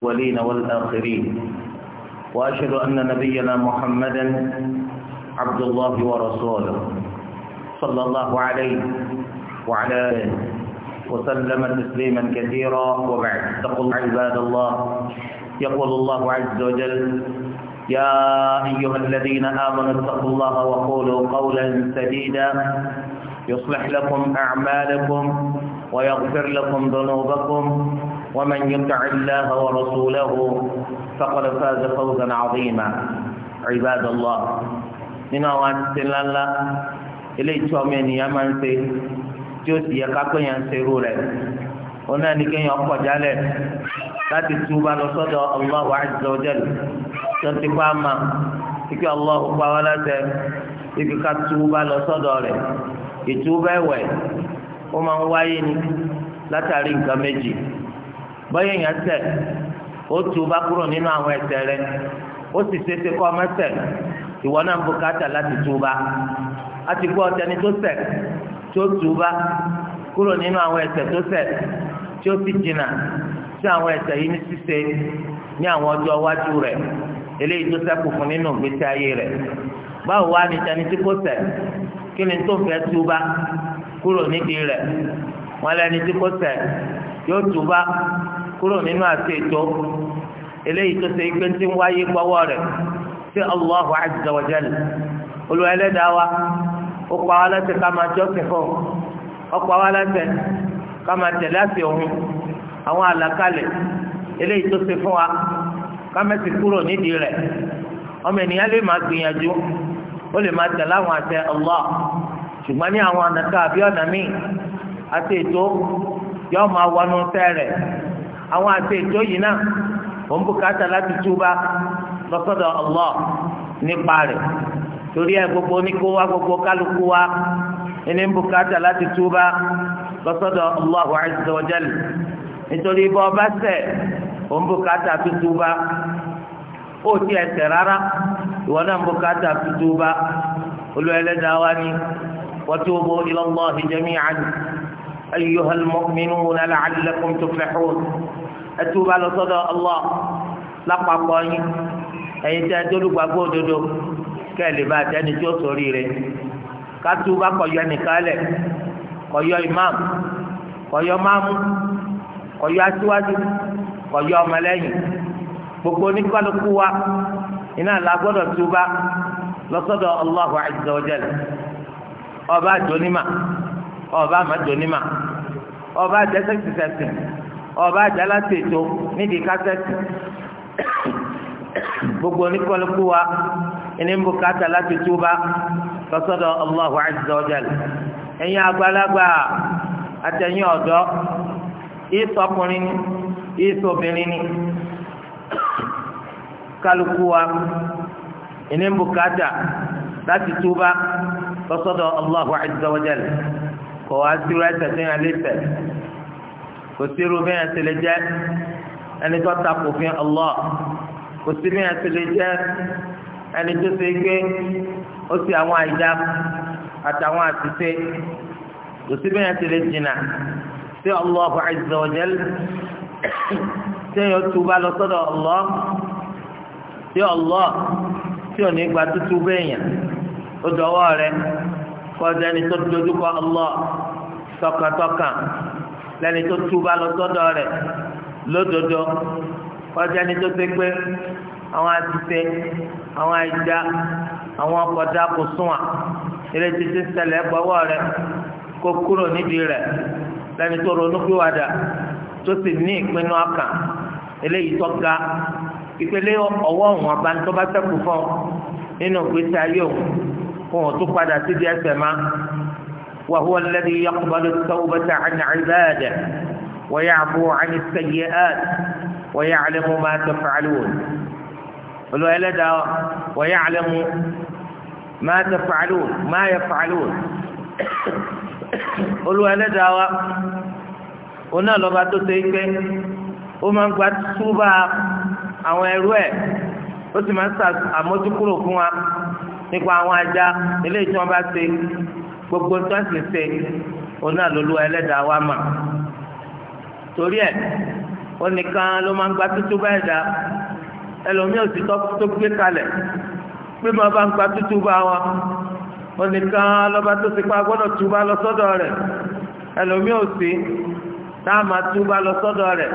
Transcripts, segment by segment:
الأولين والآخرين وأشهد أن نبينا محمدا عبد الله ورسوله صلى الله عليه وعلى آله وسلم تسليما كثيرا وبعد اتقوا الله عباد الله يقول الله عز وجل يا أيها الذين آمنوا اتقوا الله وقولوا قولا سديدا يصلح لكم أعمالكم ويغفر لكم ذنوبكم ومن يطع الله ورسوله فقد فاز فوزا عظيما عباد الله nínú àwọn àtúnṣe ńláńlá eléyìí tí ọmọ ènìyàn máa ń ṣe tí ó sì yẹ ká péyàn ń ṣe irú rẹ̀ òun náà ní kéèyàn pọ̀ jálẹ̀ láti túbà lọ sọ́dọ̀ Allahu azza wa jalla tó ti pa ama ike Allahu pa wá láṣẹ ike ká túbà lọ sọ́dọ̀ rẹ̀ ìtúbà ẹ̀wẹ̀ ó máa ń wáyé ni látàrí nǹkan méjì. bọ́yá èèyàn ṣẹ̀ ó tu bá kúrò nínú àwọn rẹ̀ ó sì ṣeéṣe kọ́ ìwọ náà ń láti tu bá a ti gbọ́ ọ̀tẹ́ni tó tu bá kúrò nínú àwọn tó tí ó sì àwọn yìí ní ṣíṣe ní àwọn ọjọ́ iwájú rẹ̀ eléyìí tó fún nínú ìgbésí ayé rẹ̀ kúrò nínú àti ètò eléyìí tó ṣe pé tí ń wáyé gbọwọ rẹ̀ sí Allahu azza wa jalla wa ó pa wá láṣẹ ká máa jọ́sìn fún ó pa wá láṣẹ ká máa tẹ̀lé àṣẹ òun àwọn àlàkalẹ̀ eléyìí tó ṣe fún wa ká mẹ́sì kúrò nídìí rẹ̀ ọmọ ènìyàn lè máa gbìyànjú ó lè máa Allah ní àwọn àbí ọ̀nà míì àti ètò yóò máa wọnú àwọn àti ìjọ yìí náà wọn bùkátà láti túbà lọ́sọ̀dọ̀ Allah nípa rẹ̀ torí ẹ̀ gbogbo oníkó wa gbogbo kálukú wa ẹni bùkátà láti túbà lọ́sọ̀dọ̀ Allah azza wa jalla nítorí bọ́ ọba ṣẹ̀ wọn bùkátà túbà ó ti ẹ̀ṣẹ̀ rárá ìwọ náà bùkátà túbà olú ẹlẹ́dàá wa ni wa tubu ila Allah jami'an. أيها المؤمنون لعلكم تفلحون أتوب على صدى الله lápá kọ́yìn ẹ̀yin tí a dé olùgbàgbọ́ òdodo kẹ́ ẹ̀ lè bá àtẹ́ni tí ó sórí rẹ̀ kátó bá kọ̀yọ́ nìkan lẹ̀ kọ̀yọ́ imam kọ̀yọ́ máàmù kọ̀yọ́ aṣíwájú kọ̀yọ́ ọmọlẹ́yìn gbogbo oníkálukú wa iná la gbọ́dọ̀ túbá lọ́sọ́dọ̀ Allahu azza wa jalla ọba àjọ onímọ̀. ọba àmàjò nímà ọba àjẹ sẹ́kìtìsẹ́kì ọba àjẹ alátètò nídìí kásẹ́tì gbogbo oníkọlùkù wa ẹni ń bùkátà láti túbà lọ́sọ̀dọ̀ Allahu azza wa jalla ẹ̀yin ọdọ ìsọkùnrin ni ìsọbìnrin ni kálukú wa ẹni ń bùkátà láti túbà lọ́sọ̀dọ̀ Allahu azza kò wá sírú ẹsẹ̀ tó yàn lé tẹ̀ kò sírú bẹ́ẹ̀ ti lè jẹ́ ẹni tó ta kò fi Allah kò sí bẹ́ẹ̀ ti lè jẹ́ ẹni tó ṣe gbé ó sì àwọn àìdá àtàwọn àtúnṣe kò sí bẹ́ẹ̀ ti lè jìnnà sí Allah azza wa jal sẹ́yìn tuba lọ sọ́dọ̀ Allah sí Allah tí ò ní gba tútú bẹ́ẹ̀ yàn ó dọwọ́ rẹ̀ kọjá ẹni tó dojúkọ Allah tọkàntọkàn lẹni tó túbà lọ sọ́dọ̀ rẹ̀ lódodo kọjá ẹni tó ṣe pé àwọn àtìsẹ àwọn àìdá àwọn ọkọdá kò súnwà eré títí ṣẹlẹ̀ gbọwọ rẹ̀ kó kúrò nídìí rẹ̀ lẹni tó ronú pìwàdà tó sì ní ìpinnu ọkàn eléyìí tó ga ìpele ọwọ́ òun ọba bá ṣẹ́kù fún un nínú ìgbésí ayé òun wọn tún padà síbi ẹ̀ṣẹ̀ má وهو الذي يقبل التوبة عن عباده ويعفو عن السيئات ويعلم ما تفعلون الولد ويعلم ما تفعلون ما يفعلون الولد ونالبا تسيكي ومن قد سوبا أو ẹrú ẹ̀ ó sì máa ń sàmójúkúrò fún wa nípa àwọn ajá eléyìí tí wọ́n bá ṣe gbogbo tí wọ́n sì ṣe òun náà lolúwa ẹlẹ́dàá wa mà torí ẹ̀ ó nìkan ló máa ń gba tútú báyìí dá ẹlòmíì òsì tó gbé kalẹ̀ pé máa bá ń gba tútú bá wa ó nìkan lọ́ba tó ti pa gbọ́dọ̀ túbá lọ sọ́dọ̀ rẹ̀ ẹlòmíì òsì tá a máa túbá lọ sọ́dọ̀ rẹ̀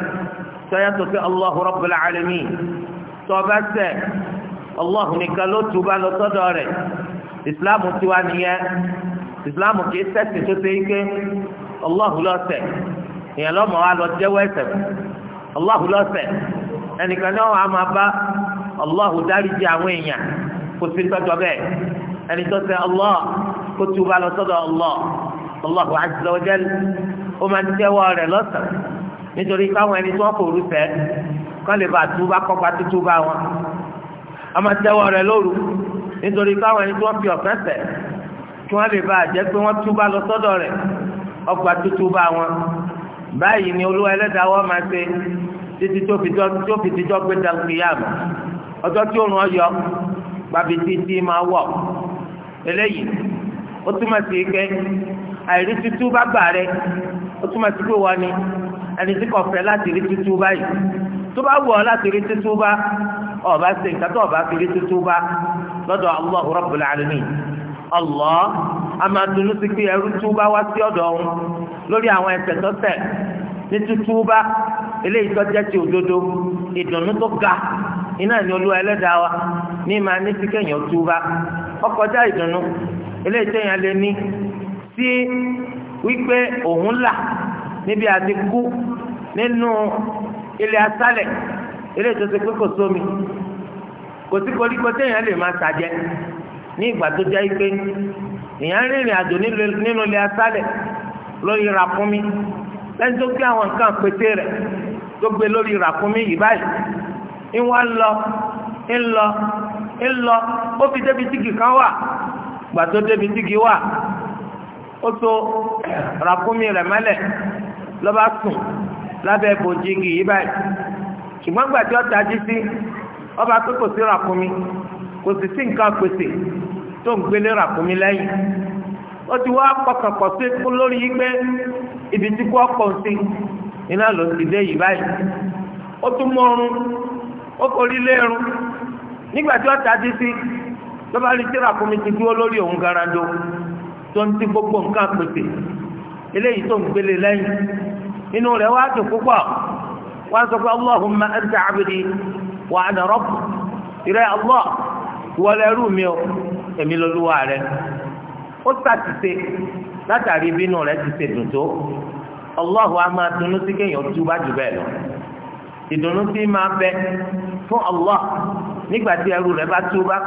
sọ́yà tó fi Allahu Rabbul Alamin tó ọba sẹ́ẹ̀. Allah nìkan ló tu bá lọ sọ́dọ̀ rẹ̀ islam tiwa nìyẹn islam kì í ṣẹ̀sìn tó ṣe ike Allah lọ́sẹ̀ èèyàn lọ́mọ wa lọ jẹ́wọ́ ẹ̀ṣẹ̀ Allah lọ́sẹ̀ ẹnìkan náà wà á máa bá Allah dáríjì àwọn èèyàn kò sí tọ́jọ́ bẹ́ẹ̀ ẹni tó ṣe Allah kó tu bá lọ sọ́dọ̀ Allah Allah azza ó máa ń jẹ́wọ́ rẹ̀ lọ́sẹ̀ nítorí káwọn ẹni tó ń forú kọ́ lè bá túbá kọ́ a máa tẹ́wọ́ rẹ̀ lóru nítorí káwọn ẹni tí wọ́n fi ọ̀fẹ́ ṣẹ̀ kí wọ́n lè bá àjẹ́ pé wọ́n túbá lọ sọ́dọ̀ rẹ̀ ọgbà tútù bá wọn báyìí ni olúwa ẹlẹ́dàá wọn máa ṣe títí tó fi tijọ́ gbé dàgbéyàmù ọjọ́ tí òòrùn ọyọ gbàbí títí máa wọ̀ eléyìí ó túmọ̀ sí pé àìrí tútù bá gbà rẹ ó túmọ̀ sí pé wọ́n ni ẹni tí kò fẹ́ láti rí tútù báyìí tó bá wù ọ́ láti rí tútù bá ọba ṣe nǹkan tó ọba fi rí tuntun bá lọ́dọ̀ allah allah a máa dunú sí pé ẹrú túbá wá sí ọ̀dọ̀ òun lórí àwọn ẹsẹ̀ tó ní túbá eléyìí tó jẹ́ ti òdodo ìdùnnú tó ga iná ẹlẹ́dàá wa ní máa ní sí kéèyàn ọkọjá ìdùnnú eléyìí ní sí wípé eré tó pé kò sómi kò sí koríko téèyàn lè máa ní ìgbà tó jẹ́ pé èèyàn rìnrìn àjò nínú ilé aṣálẹ̀ lórí ràkúnmí lẹ́yìn tó gbé àwọn nǹkan pété rẹ̀ tó gbé lórí ràkúnmí yìí báyìí lọ ó fi débi kan ṣùgbọ́n gbàtí ọ̀tá jí sí ọba pé kò sí ràkúnmí kò sì sí nǹkan pèsè tó ń gbélé ràkúnmí lẹ́yìn ó ti wá pọkànpọ̀ sí fún lórí yí pé ibi tí kò sí iná ló ti dé yìí báyìí ó tún ọrùn ó forí lẹ́rùn ọ̀tá jí sí lọ́ba rí ti dúró lórí òun garando tó ń ti gbogbo wọ́n sọ pé allahumma anta abdi wa ana rabb ìrẹ́ allah wọlé ẹrú mi o èmi lolúwa rẹ ó sàtìsẹ látàrí bínú rẹ ti ṣe dùn tó allahu a máa dunnú sí kéèyàn tú bá jù bẹ́ẹ̀ lọ ìdùnnú sí máa bẹ fún allah nígbà tí ẹrú rẹ bá tú bá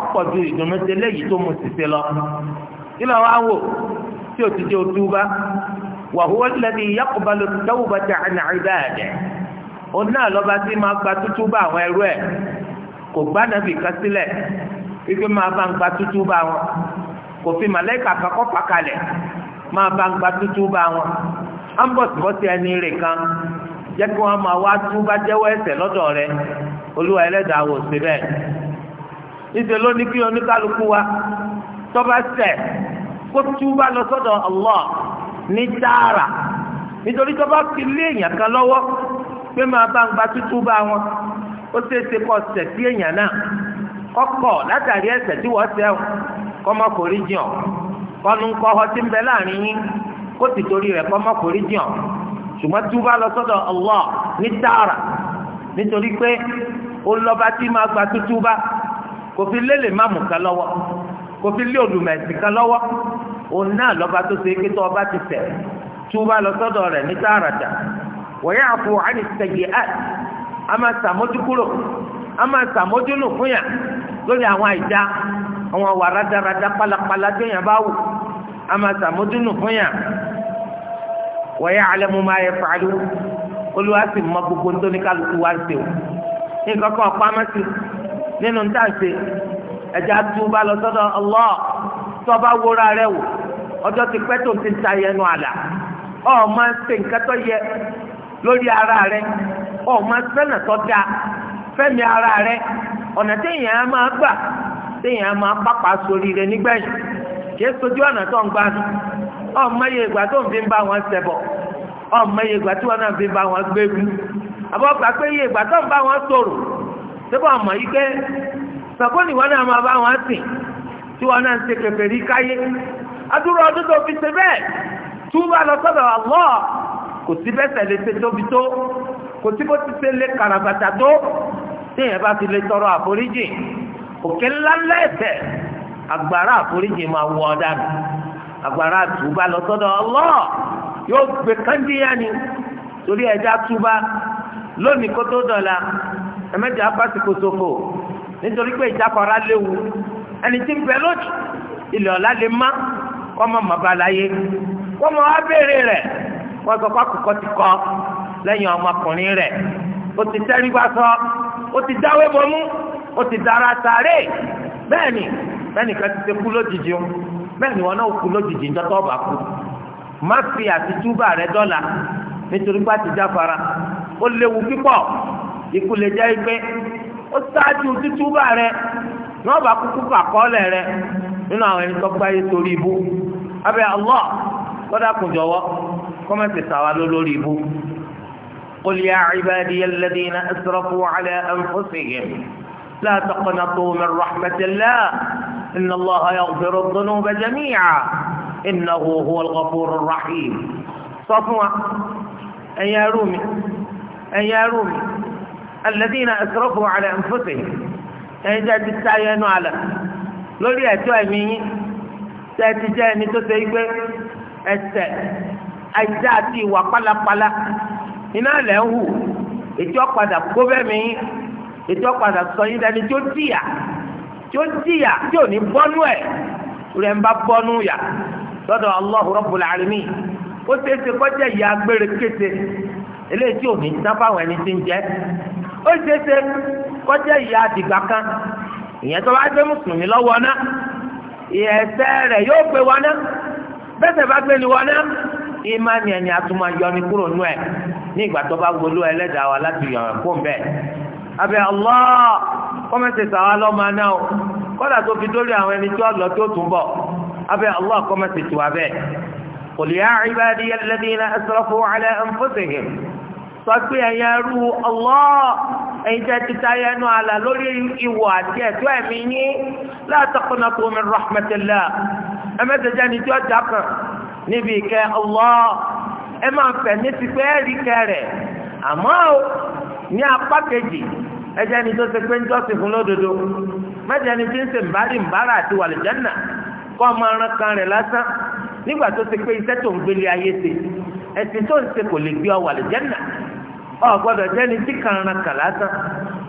ọ̀pọ̀ ju ìdùnnú sí eléyìí tó mu sì ṣe lọ kí ló wá wò tí o ti jẹ́ o tú bá. وهو الذي يقبل التوبة عن عباده òun náà lọ́ba tí máa gba tútú bá àwọn ẹrú ẹ̀ kò gbá nàbì kan sílẹ̀ gba tútú fi màlẹ́kà kakọ́ pàkalẹ̀ gba tútú bá wọn á ń bọ̀sibọ́sí ẹni rè kan jẹ́ kí wọ́n máa wá tú bá jẹ́wọ́ wa Allah ní tààrà nítorí tó bá fi lé èèyàn kan lọ́wọ́ pé máa bá ń gba tútú bá wọn ó ṣeé ṣe kó ṣẹ̀ sí èèyàn náà kọ́kọ́ látàrí ẹ̀ṣẹ̀ tí wọ́n ṣẹ̀ kọ́mọkòrí jìn ọ́ kọ́nu ń kọ́ ọ tí ń bẹ láàrin yín gba tútú bá kò fi kan lọ́wọ́ kò fi lé òun náà lọ́ba tó ṣe pé tó ọba ti tẹ̀ tó bá lọ sọ́dọ̀ rẹ̀ ní tààràtà wọ̀nyá àpò àní sẹ̀yẹ̀ ẹ̀ a máa sàmójúkúrò a máa sàmójúnù fún yà lórí àwọn àìjá àwọn wà rádaràdá pálapàla tó yàn bá wù a máa sàmójúnù fún yà wọ̀nyá alẹ́ mo máa yẹ fàálù olúwa sì mọ gbogbo nítorí kálukú wá ń ṣe o ní kankan ọ̀pá má sí nínú ń tà ń ṣe. ẹjẹ àtúbà lọ Allah tọba wúra rẹ wò ọjọ ti pẹ́ tó ti ta yẹnu ọ ma se ṣe ara rẹ ọ ma ń sẹ́nà ara rẹ ọ̀nà téèyàn á máa gbà téèyàn á máa pápá sori rẹ nígbẹ̀yìn kìí sojú ọ̀nà tó ń ọ mẹ́yẹ ìgbà tó ń fi bá ọ mẹ́yẹ ìgbà tí wọn náà fi bá wọn àbọ̀ gbà pé iye sàkóni wọn náà máa bá wọn sìn tí wọn náà ń ṣe kèfèrí káyé adúrò ọdún tó fi ṣe bẹ́ẹ̀ túbà lọ sọ́dọ̀ Allah kò sí bẹ́sẹ̀ lè ṣe tóbi tó kò sí bó ti ṣe lè kàràbàtà tó téèyàn bá fi lè tọrọ àforíjì òkè ńlá ńlá ẹ̀ṣẹ̀ agbára àforíjì máa wọ ọ̀daràn agbára túbà lọ sọ́dọ̀ Allah yóò gbé kandíyà ni torí ẹja túbà lónìí kótó dọ̀la ẹ̀mẹ́jà bá ti kò sófò nítorí pé ìjákọ̀ọ́ra léwu ẹni tí ń bẹ lójú ilẹ̀ ọ̀la lè má kọ́mọ màbá láyé kọ́mọ wá béèrè rẹ̀ wọ́n sọ pé àkùkọ ti kọ́ lẹ́yìn ọmọkùnrin rẹ̀ ó ti tẹ́rí bá sọ ó ti dáwé bọmú ó ti dára sáré bẹ́ẹ̀ni bẹ́ẹ̀ni kan ti ṣe kú lójijì o bẹ́ẹ̀ni wọn náà kú lójijì ń tọ́tọ́ ọ̀bà kú má fi àtijúbà rẹ dọ́là nítorí pé àtijáfara ó léwu pípọ̀ ikú lè jẹ́ pé ó ṣáájú títúbà rẹ ní wọn bá kúkú kàkọọlẹ rẹ nínú àwọn ẹni tó gbáyé torí ibú abẹ Allah lọdà kùn jọ̀wọ́ kọmẹsì sàwà lórí ibú. قل يا عبادي الذين أسرفوا على أنفسهم لا تقنطوا من رحمة الله إن الله يغفر الذنوب جميعا إنه هو الغفور الرحيم صفوة أن يا رومي أن يا رومي alẹ́dínà ẹ̀sọ́rọ́fù àlẹ́ ẹ̀ǹfọ́sẹ̀ ẹni tí a ti ta ẹnu àlẹ́ lórí ẹ̀tọ́ ẹ̀mí yín tí ẹ ti jẹ́ ẹni tó ṣe gbé ẹsẹ̀ ajá àti ìwà pálapàla iná lẹ̀ ń hù ètò ọ̀padà kó bẹ́ẹ̀ mi yín ètò ọ̀padà sọ yín dání tí ó jìyà tí ó jìyà tí ò ní bọ́nú ẹ̀ rẹ̀ ń bá bọ́nú yà lọ́dọ̀ Allahu Rabbul Alamin ó ṣeé ṣe kọjá ìyá agbére kése eléyìí tí ò ní sábà wọn ẹni tí ń jẹ́ ó ṣe ṣe kọjá kan ìyẹn tó bá gbé mùsùlùmí lọ́wọ́ náà ìyẹn rẹ̀ yóò gbé wọn náà bẹ́sẹ̀ bá gbé ni wọn náà ìmánì ẹni àtúmọ̀ yọni kúrò nú ẹ̀ ní ìgbà tó bá wọlé ẹlẹ́dàá wa láti fún bẹ́ẹ̀ abẹ́ kọ́mẹ́sì sàwọn àwọn ẹni tí lọ tó tún bọ̀ abẹ́ kọ́mẹ́sì bẹ́ẹ̀ sọ ya ẹ̀yin ti ta ẹnu àlà lórí ìwọ àti ẹ̀tọ́ ẹ̀mí la taqnatu min rahmatillah ni tí ó jà níbi ìkẹ́ Allah ẹ máa fẹ̀ ní ti pé ẹ̀rí kẹ́ àmọ́ ní apá kejì ẹ̀jẹ̀ ni tó ṣe pé ń jọ́sìn fún lódodo mẹ́tẹ̀ẹ̀ ni tí ń ṣe mbárì mbárà àti wàlìjánà kọ́ ọmọ rẹ̀ lásán nígbà tó pé iṣẹ́ tó ń gbélé ayé ẹ̀sìn tó ń ṣe kò lè gbé ọ wà lè jẹ́nà ọ gbọ́dọ̀ jẹ́ni tí kàrànà kà lásán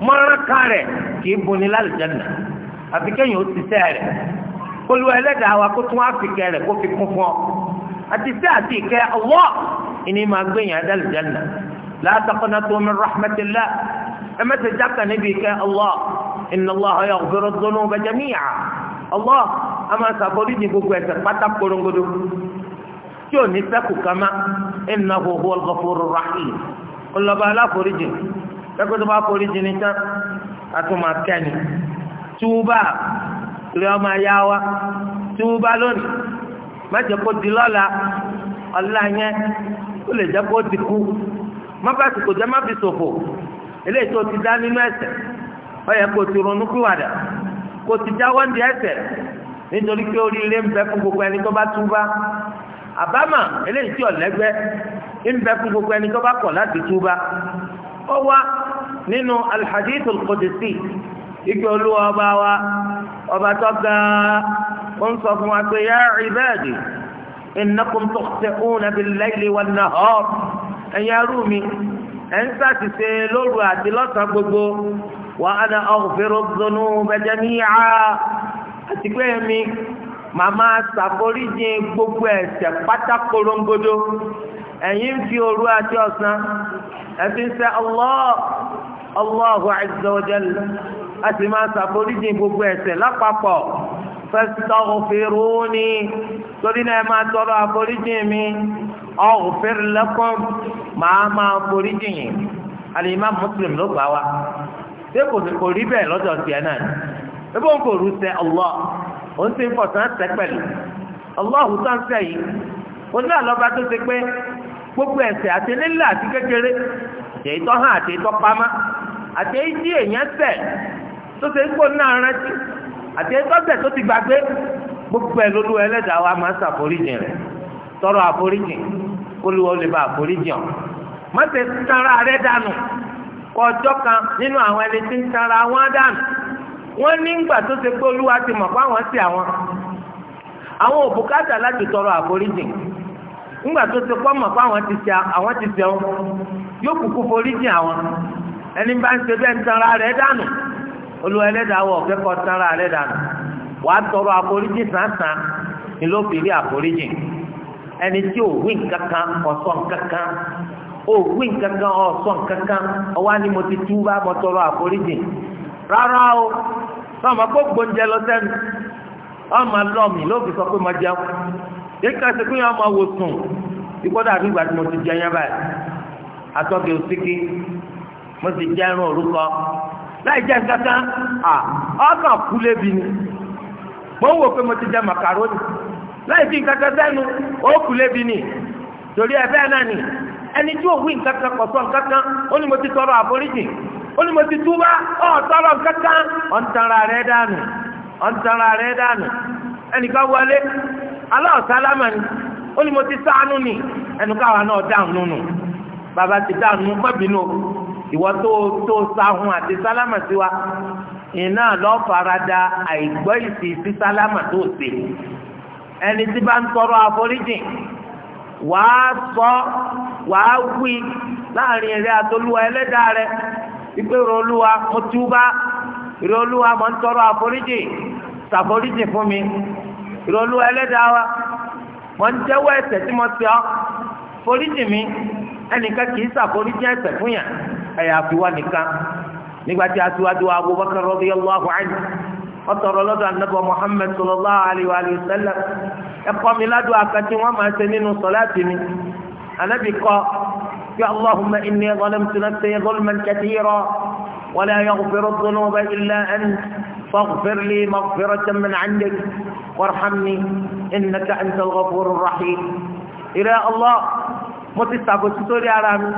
mọ́ránká rẹ̀ kì í buni lálẹ́ jẹ́nà àfi kéèyàn ó ti sẹ́ rẹ̀ olùwà ẹlẹ́dàá wa kó tún àfikẹ́ rẹ̀ kó fi kún fún ọ àti sẹ́ àti ìkẹ́ ọwọ́ ìní máa gbẹ̀yìn adálẹ̀ jẹ́nà la taqnatu min rahmatillah ẹ mẹ́tẹ̀ jákà níbi ìkẹ́ ọwọ́ inna Allaha yaghfiru dhunuba jami'a ọwọ́ a máa ṣàforíjì gbogbo ẹ̀ṣẹ̀ pátá korongodo tí ò ní sẹ́kù kama innahu huwal ghafurur rahim ọlọ́ba aláforíjì ẹgbẹ́ tó bá foríjì ní tán àtúmọ̀ kẹ́ni túbà rí ọmọ ayá wa túbà lónìí mẹ́jọ kó di lọ́la ọ̀la yẹn ó lè jẹ́ kó ti kú má bá ti kò jẹ́ má fi ṣòfò eléyìí tó ti dá nínú ẹ̀ṣẹ̀ ó yẹ kó ti ronú kúwàdà kó ti jáwọ́ ń di nítorí pé oríire ń bẹ fún gbogbo ẹni tó bá túbà àbámà eléyìí tí ọ̀lẹ́gbẹ́ ń bẹ fún gbogbo ẹni tó bá kọ̀ láti túbá ó wá nínú alhadithul qudsi ike olúwa ọba wa ọba tó ga ó ń sọ fún wa pé yá ibadi innakum tukhti'una bil-layli wan-nahar ẹ̀yin arú mi ẹ̀ ń sàtìsẹ lóru àti lọ́sàn gbogbo wa ana aghfiru dhunuba jami'a àti pé mi. màmá ṣàforíjì gbogbo ese pátá korongodo fi òru àti ọ̀sán efi ń sẹ ọlọ Allahu azza wa a sì máa ṣàforíjì gbogbo ese lápapọ̀ fastaghfiruni torí náà ẹ máa tọrọ àforíjì mi aghfir lakum màá máa foríjì yìí ló ṣé òun ti ń fọ̀sán tẹ́ pẹ̀lú ọlọ́hùn tó ń sẹ́ yìí ó ní àlọ́ba tó ti pé gbogbo ẹ̀ṣẹ̀ àti nílẹ̀ àti kékeré èyí tó hàn àti èyí tó pamá àti èyí tí èèyàn ṣẹ̀ tó ṣe ń gbóná rántí àti èyí tó ti gbàgbé gbogbo ẹ̀ lólu ẹlẹ́dàá wa máa ń ṣàforíjìn rẹ̀ tọrọ àforíjìn olu lè ba àforíjìn ọ̀ má ṣe tara rẹ̀ dànù kọjọ́ kan nínú àwọn ẹni tí ń tara wọn dànù. wọ́n nígbà tó ṣe pé olúwa ti mọ̀ pé àwọn sí àwọn àwọn òbúkátà láti tọrọ àforíjì nígbà tó ṣe pé mọ̀ àwọn ti ṣe àwọn ti ṣe wọn yóò kúkú foríjì àwọn ẹni bá ń ṣe bẹ́ẹ̀ ń tanra rẹ̀ dànù olúwa ẹlẹ́dàá wọ̀ ọ̀fẹ́ kọ́ tanra rẹ̀ dànù wàá tọrọ àforíjì sàǹsàn ni ló fi rí àforíjì ẹni tí ò wí nǹkankan ọ̀sọ́ nǹkankan ò wí nǹkankan ọ̀sọ́ ọwọ́ mo ti tọrọ àforíjì rárá o wọn máa kó gbóúnjẹ lọ sẹ́nu wọn máa lọ mí lóògì sọ pé mo jẹun yíká ṣe pé wọn máa wò sùn ikọ́ dàbí ìgbà tí mo ti jẹ yẹn báyìí atọ́kẹ́ òsíkí mo ti jẹ irun òrúkọ láì jẹ kankan ọkàn kú lébi ni mo ń wò pé mo ti jẹ màkàrónì láì fi kankan sẹ́nu ó ni torí ẹ náà ni ẹni ó ní mo ti túbá ọ̀ tọrọ kankan ọ̀ ń tanra rẹ̀ dànù ọ̀ ń tanra rẹ̀ dànù ẹnìkan wọlé aláọ̀sálámà ni ó ní mo ti ṣàánú ni ẹnìkan wà náà dáhùn nínú bàbá ti dáhùn nínú pẹ́bìnú ìwọ tó tó sáhùn àti sálámà sí wa iná lọ farada àìgbọ́ ìsì sí sálámà tó ṣe ẹni tí bá ń tọrọ àforíjìn wàá sọ wàá wí láàrin eré àtolúwa ẹlẹ́dàá rẹ ìpè rọlúwa mo túbá rọlúwa mo ń tọrọ àforíjì ṣàforíjì fún mi rọlúwa ẹlẹ́dàá wa mo ń jẹ́wọ́ ẹ̀ṣẹ̀ tí mo ti ọ́ foríjì mi ẹnìkan kì í ṣàforíjì ẹ̀ṣẹ̀ fún yàn ẹ̀yà àfiwá nìkan nígbà tí aṣíwájú wa Abubakar radiyallahu anhu ọtọrọ lọ́dọ̀ anabi muhammed sallallahu alayhi wa sallam ẹ̀kọ́ mi ládùú àkàtì wọn máa ṣe nínú sọláàtì mi anabi kọ يا اللهم إني ظلمت نفسي ظلما كثيرا ولا يغفر الذنوب إلا أنت فاغفر لي مغفرة من عندك وارحمني إنك أنت الغفور الرحيم إلى الله mo ti ṣàbòsí sórí ara mi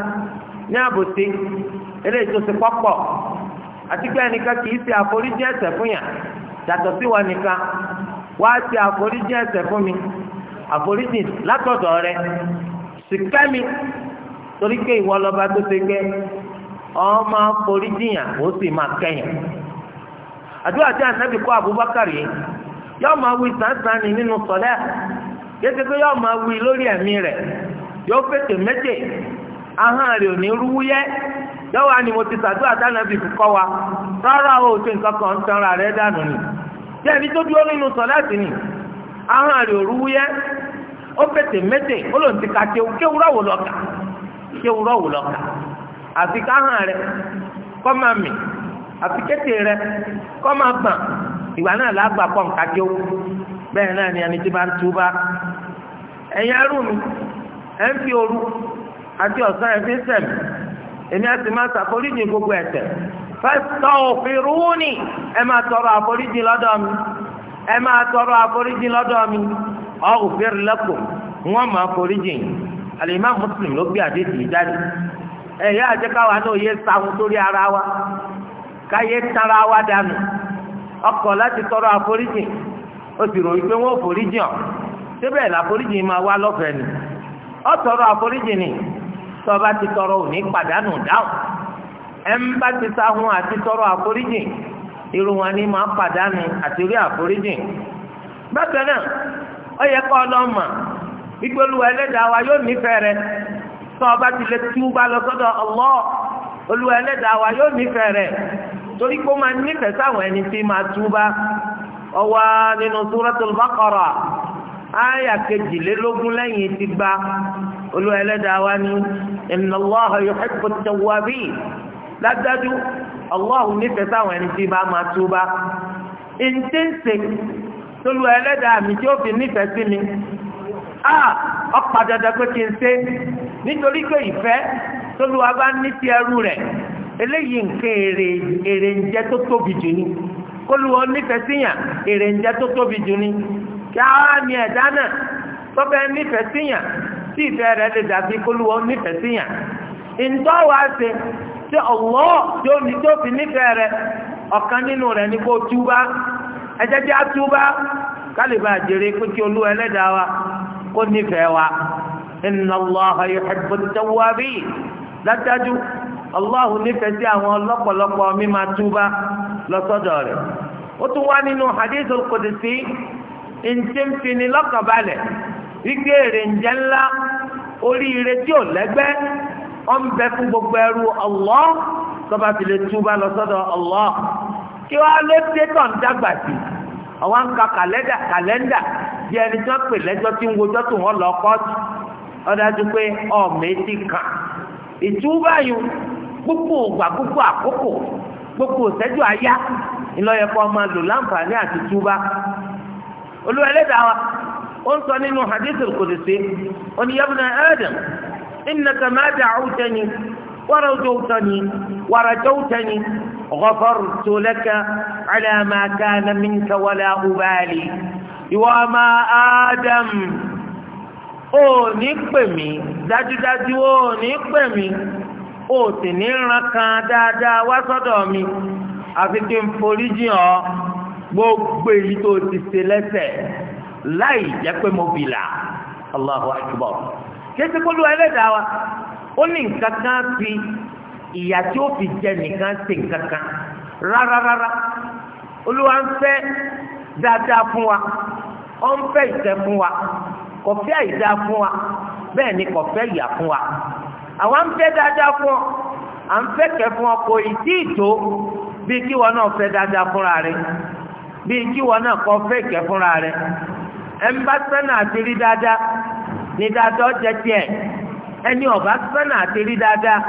ní àbòsí eléyìí tó ṣe pọ́pọ̀ àti pé ẹnìkan kì í ṣe àforíjì ẹ̀ṣẹ̀ fún yàn yàtọ̀ sí wa nìkan wá ṣe àforíjì ẹ̀ṣẹ̀ fún mi àforíjì látọ̀dọ̀ rẹ sì kẹ́mi torí pé ìwọ lọba tó ṣe pé ọmọ forí jìyàn ó sì máa kẹyìn àdúrà tí ànábì kọ́ Abubakar yìí yóò máa wí sàǹsàn nínú sọlẹ yéṣe pé yóò máa wí lórí ẹ̀mí rẹ yóò fètè méjè ahọ́n rẹ̀ ò ní rúwúyẹ́ yóò wá ni mo ti sàdúrà tí ànábì kọ́ wa rárá o ṣe nǹkan kan dànù ni ẹni tó dúró nínú sọlẹ sí ni ahọ́n ò ó fètè ó ṣé wúrọ̀ wù lọ́kà àfi káhàn rẹ kọ́ máa mì àfi rẹ kọ́ máa gbọ̀n ìgbà náà lágbà pọ̀ nǹka jó bẹ́ẹ̀ náà ni ẹni tí bá ń túbá ẹ̀yin arú mi ẹ̀ ń fi àti ọ̀sán fi ń gbogbo ẹ máa tọrọ àforíjì lọ́dọ̀ mi ẹ máa tọrọ àforíjì lọ́dọ̀ mi wọ́n máa alimami muslim ló gbé àdéhùn jáde ẹ̀yà àjẹkáwa náà yé sáwọn sórí ara wa káyé tara wa dànù ọkọ̀ láti tọrọ àforíjì ó sì ròyìn wípé wọ́n foríjì ọ̀ síbẹ̀ làforíjì máa wá lọ́fẹ̀ẹ́ ni ó tọrọ àforíjì ni tọba ti tọrọ òní pàdánù dáhùn ti àti tọrọ àforíjì irun ni máa pàdánù àti rí àforíjì bákan náà ó yẹ wípé olúwa ẹlẹ́dàá wa yóò nífẹ̀ẹ́ rẹ tó ọba ti lè túbà lọ sọ́dọ̀ Allah olúwa ẹlẹ́dàá wa yóò nífẹ̀ẹ́ rẹ torí pé ó máa nífẹ̀ẹ́ sáwọn ẹni tí máa túbà ó wà nínú Suratul Baqara àyà kejìlélógún lẹ́yìn ti gba olúwa ẹlẹ́dàá wa ní inna Allaha yuhibbu at-tawwabin dájú ọlọ́hun nífẹ̀ẹ́ sáwọn ẹni tí bá máa túbà ìǹtẹ́ǹsẹ̀ tolúwa ẹlẹ́dàá mi tí ó fi nífẹ̀ẹ́ sí mi a ọpa dandan pé kí n ṣe nítorí pé ìfẹ́ tóluwa bá ní ti ẹrù rẹ̀ eléyìí nǹkan èrè èrè ń jẹ́ tó tóbi jù ni kóluwa nífẹ̀ẹ́ síyàn èrè ń jẹ́ tó tóbi jù ni kí á ní ẹ̀dá náà tọ́pẹ́ nífẹ̀ẹ́ síyàn tí ìfẹ́ rẹ̀ lè dàbí kóluwa nífẹ̀ẹ́ síyàn ǹtọ́ wa ṣe tí ọ̀wọ́ tó ní tó fi nífẹ̀ẹ́ rẹ̀ ọ̀kan nínú rẹ̀ kó túbá túbá kálíbà jèrè pé kí olú ẹlẹ́dàá wa kó nífẹ̀ẹ́ wa inna Allaha yuhibbu at-tawwabin dájájú Allahu nífẹ̀ẹ́ sí àwọn ọlọ́pọ̀lọpọ̀ mímá túbá lọ́sọ́dọ̀ rẹ̀ ó tún wá nínú hadithul qudsi ntí ń fini lọ́kànbalẹ̀ wípé èrè ǹjẹ́ ńlá oríire tí ò lẹ́gbẹ́ ó ń bẹ fún gbogbo ẹrú Allah tó fi lè túbá lọ sọ́dọ̀ kí wọ́n ló dé tọ̀ ń dàgbà sí àwọn ń ka kàlẹ́ndà di ẹni tó pè lẹ́jọ́ tí ń wojọ́ tó wọ́n lọ kọ́ọ̀tù ọ̀dájú pé ọ̀mọ etí kan ìtúbà yìí gbogbo ògbà gbogbo àkókò gbogbo ìṣẹ́jú àyá ìlọ́yẹ̀ kọ́ máa lò láǹfààní àti túbà olúwa ẹlẹ́dàá wa ó ń sọ nínú hadithul qudsi oníyàbùnà adam innaka ma da'awtani wa rajawtani wa rajawtani ghafartu laka ala ma kana minka wala ubali ìwọ ọmọ Adam ò ní pè mí dájúdájú ò ní pè mí ò sì ní ran kan dáadáa wá sọ́dọ̀ mi àfi kí n forí jìn ọ́ gbogbo èyí tó ti ṣe lẹ́ṣẹ̀ láì jẹ́ pé mo bìlà Allahu akbar kéésì kó lu ẹlẹ́dàá wa ó ní nǹkan kan fi ìyà tí ó fi jẹ nìkan ṣe nǹkan kan rárá olúwa ń fẹ́ dáadáa fún wa. Ọ ń fẹ́ fún wa kò fẹ́ ìdá fún wa bẹ́ẹ̀ ni kò fẹ́ ìyà fún wa àwa ń fẹ́ dáadáa fún ọ à ń fẹ́ fún ọ kò ì tí ì tó kí wọn náà fẹ́ dáadáa fúnra rẹ bíi kí wọn náà kọ́ fẹ́ ìkẹ́ fúnra rẹ ẹnba àti rí dáadáa ní dáadáa jẹ ẹni ọ̀bá àti rí dáadáa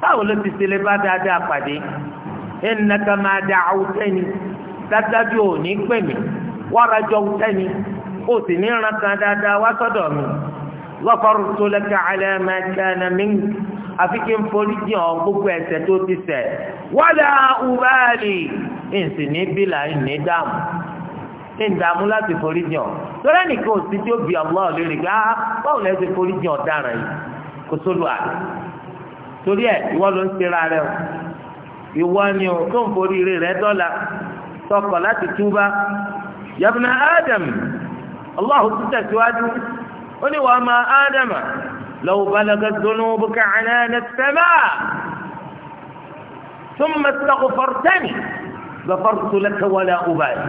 báwo ló ti ṣe lè bá dáadáa pàdé ẹ̀ máa dáadáa bí pè wàrà jọ sẹ́ni ó sì ní ìran kan dáadáa wá sọ́dọ̀ mi lọ́kọ́rù tó lẹ́kẹ́ alẹ́ mẹ́kẹ́ni mi àfi kí n forí jìn ọ́ gbogbo ẹ̀ṣẹ̀ tó ti ṣẹ̀ wọ́dà ubáàlì ìsìn ní bílà ìní dààmú ìdààmú láti forí jìn ọ́ lọ́rẹ́ nìkan òsì tí ó bí ọlọ́ọ̀ lórí gbá báwo lẹ́ ti forí jìn ọ̀daràn yìí kò sólù àlè torí ẹ̀ ìwọ ló ń ṣera rẹ o ìwọ ni o tó ń forí rẹ dọ́là tọkọ̀ láti túbá yabna adam allah tún tẹ̀síwájú ó ní wàá ma adam lọ́wọ́ balaga zonobu kàcánà na sẹ́mà tún mẹ́tàkù fọ́rtẹ́nì gbàfọ́rtu lẹ́kẹ̀wálẹ̀ ọ̀bàyì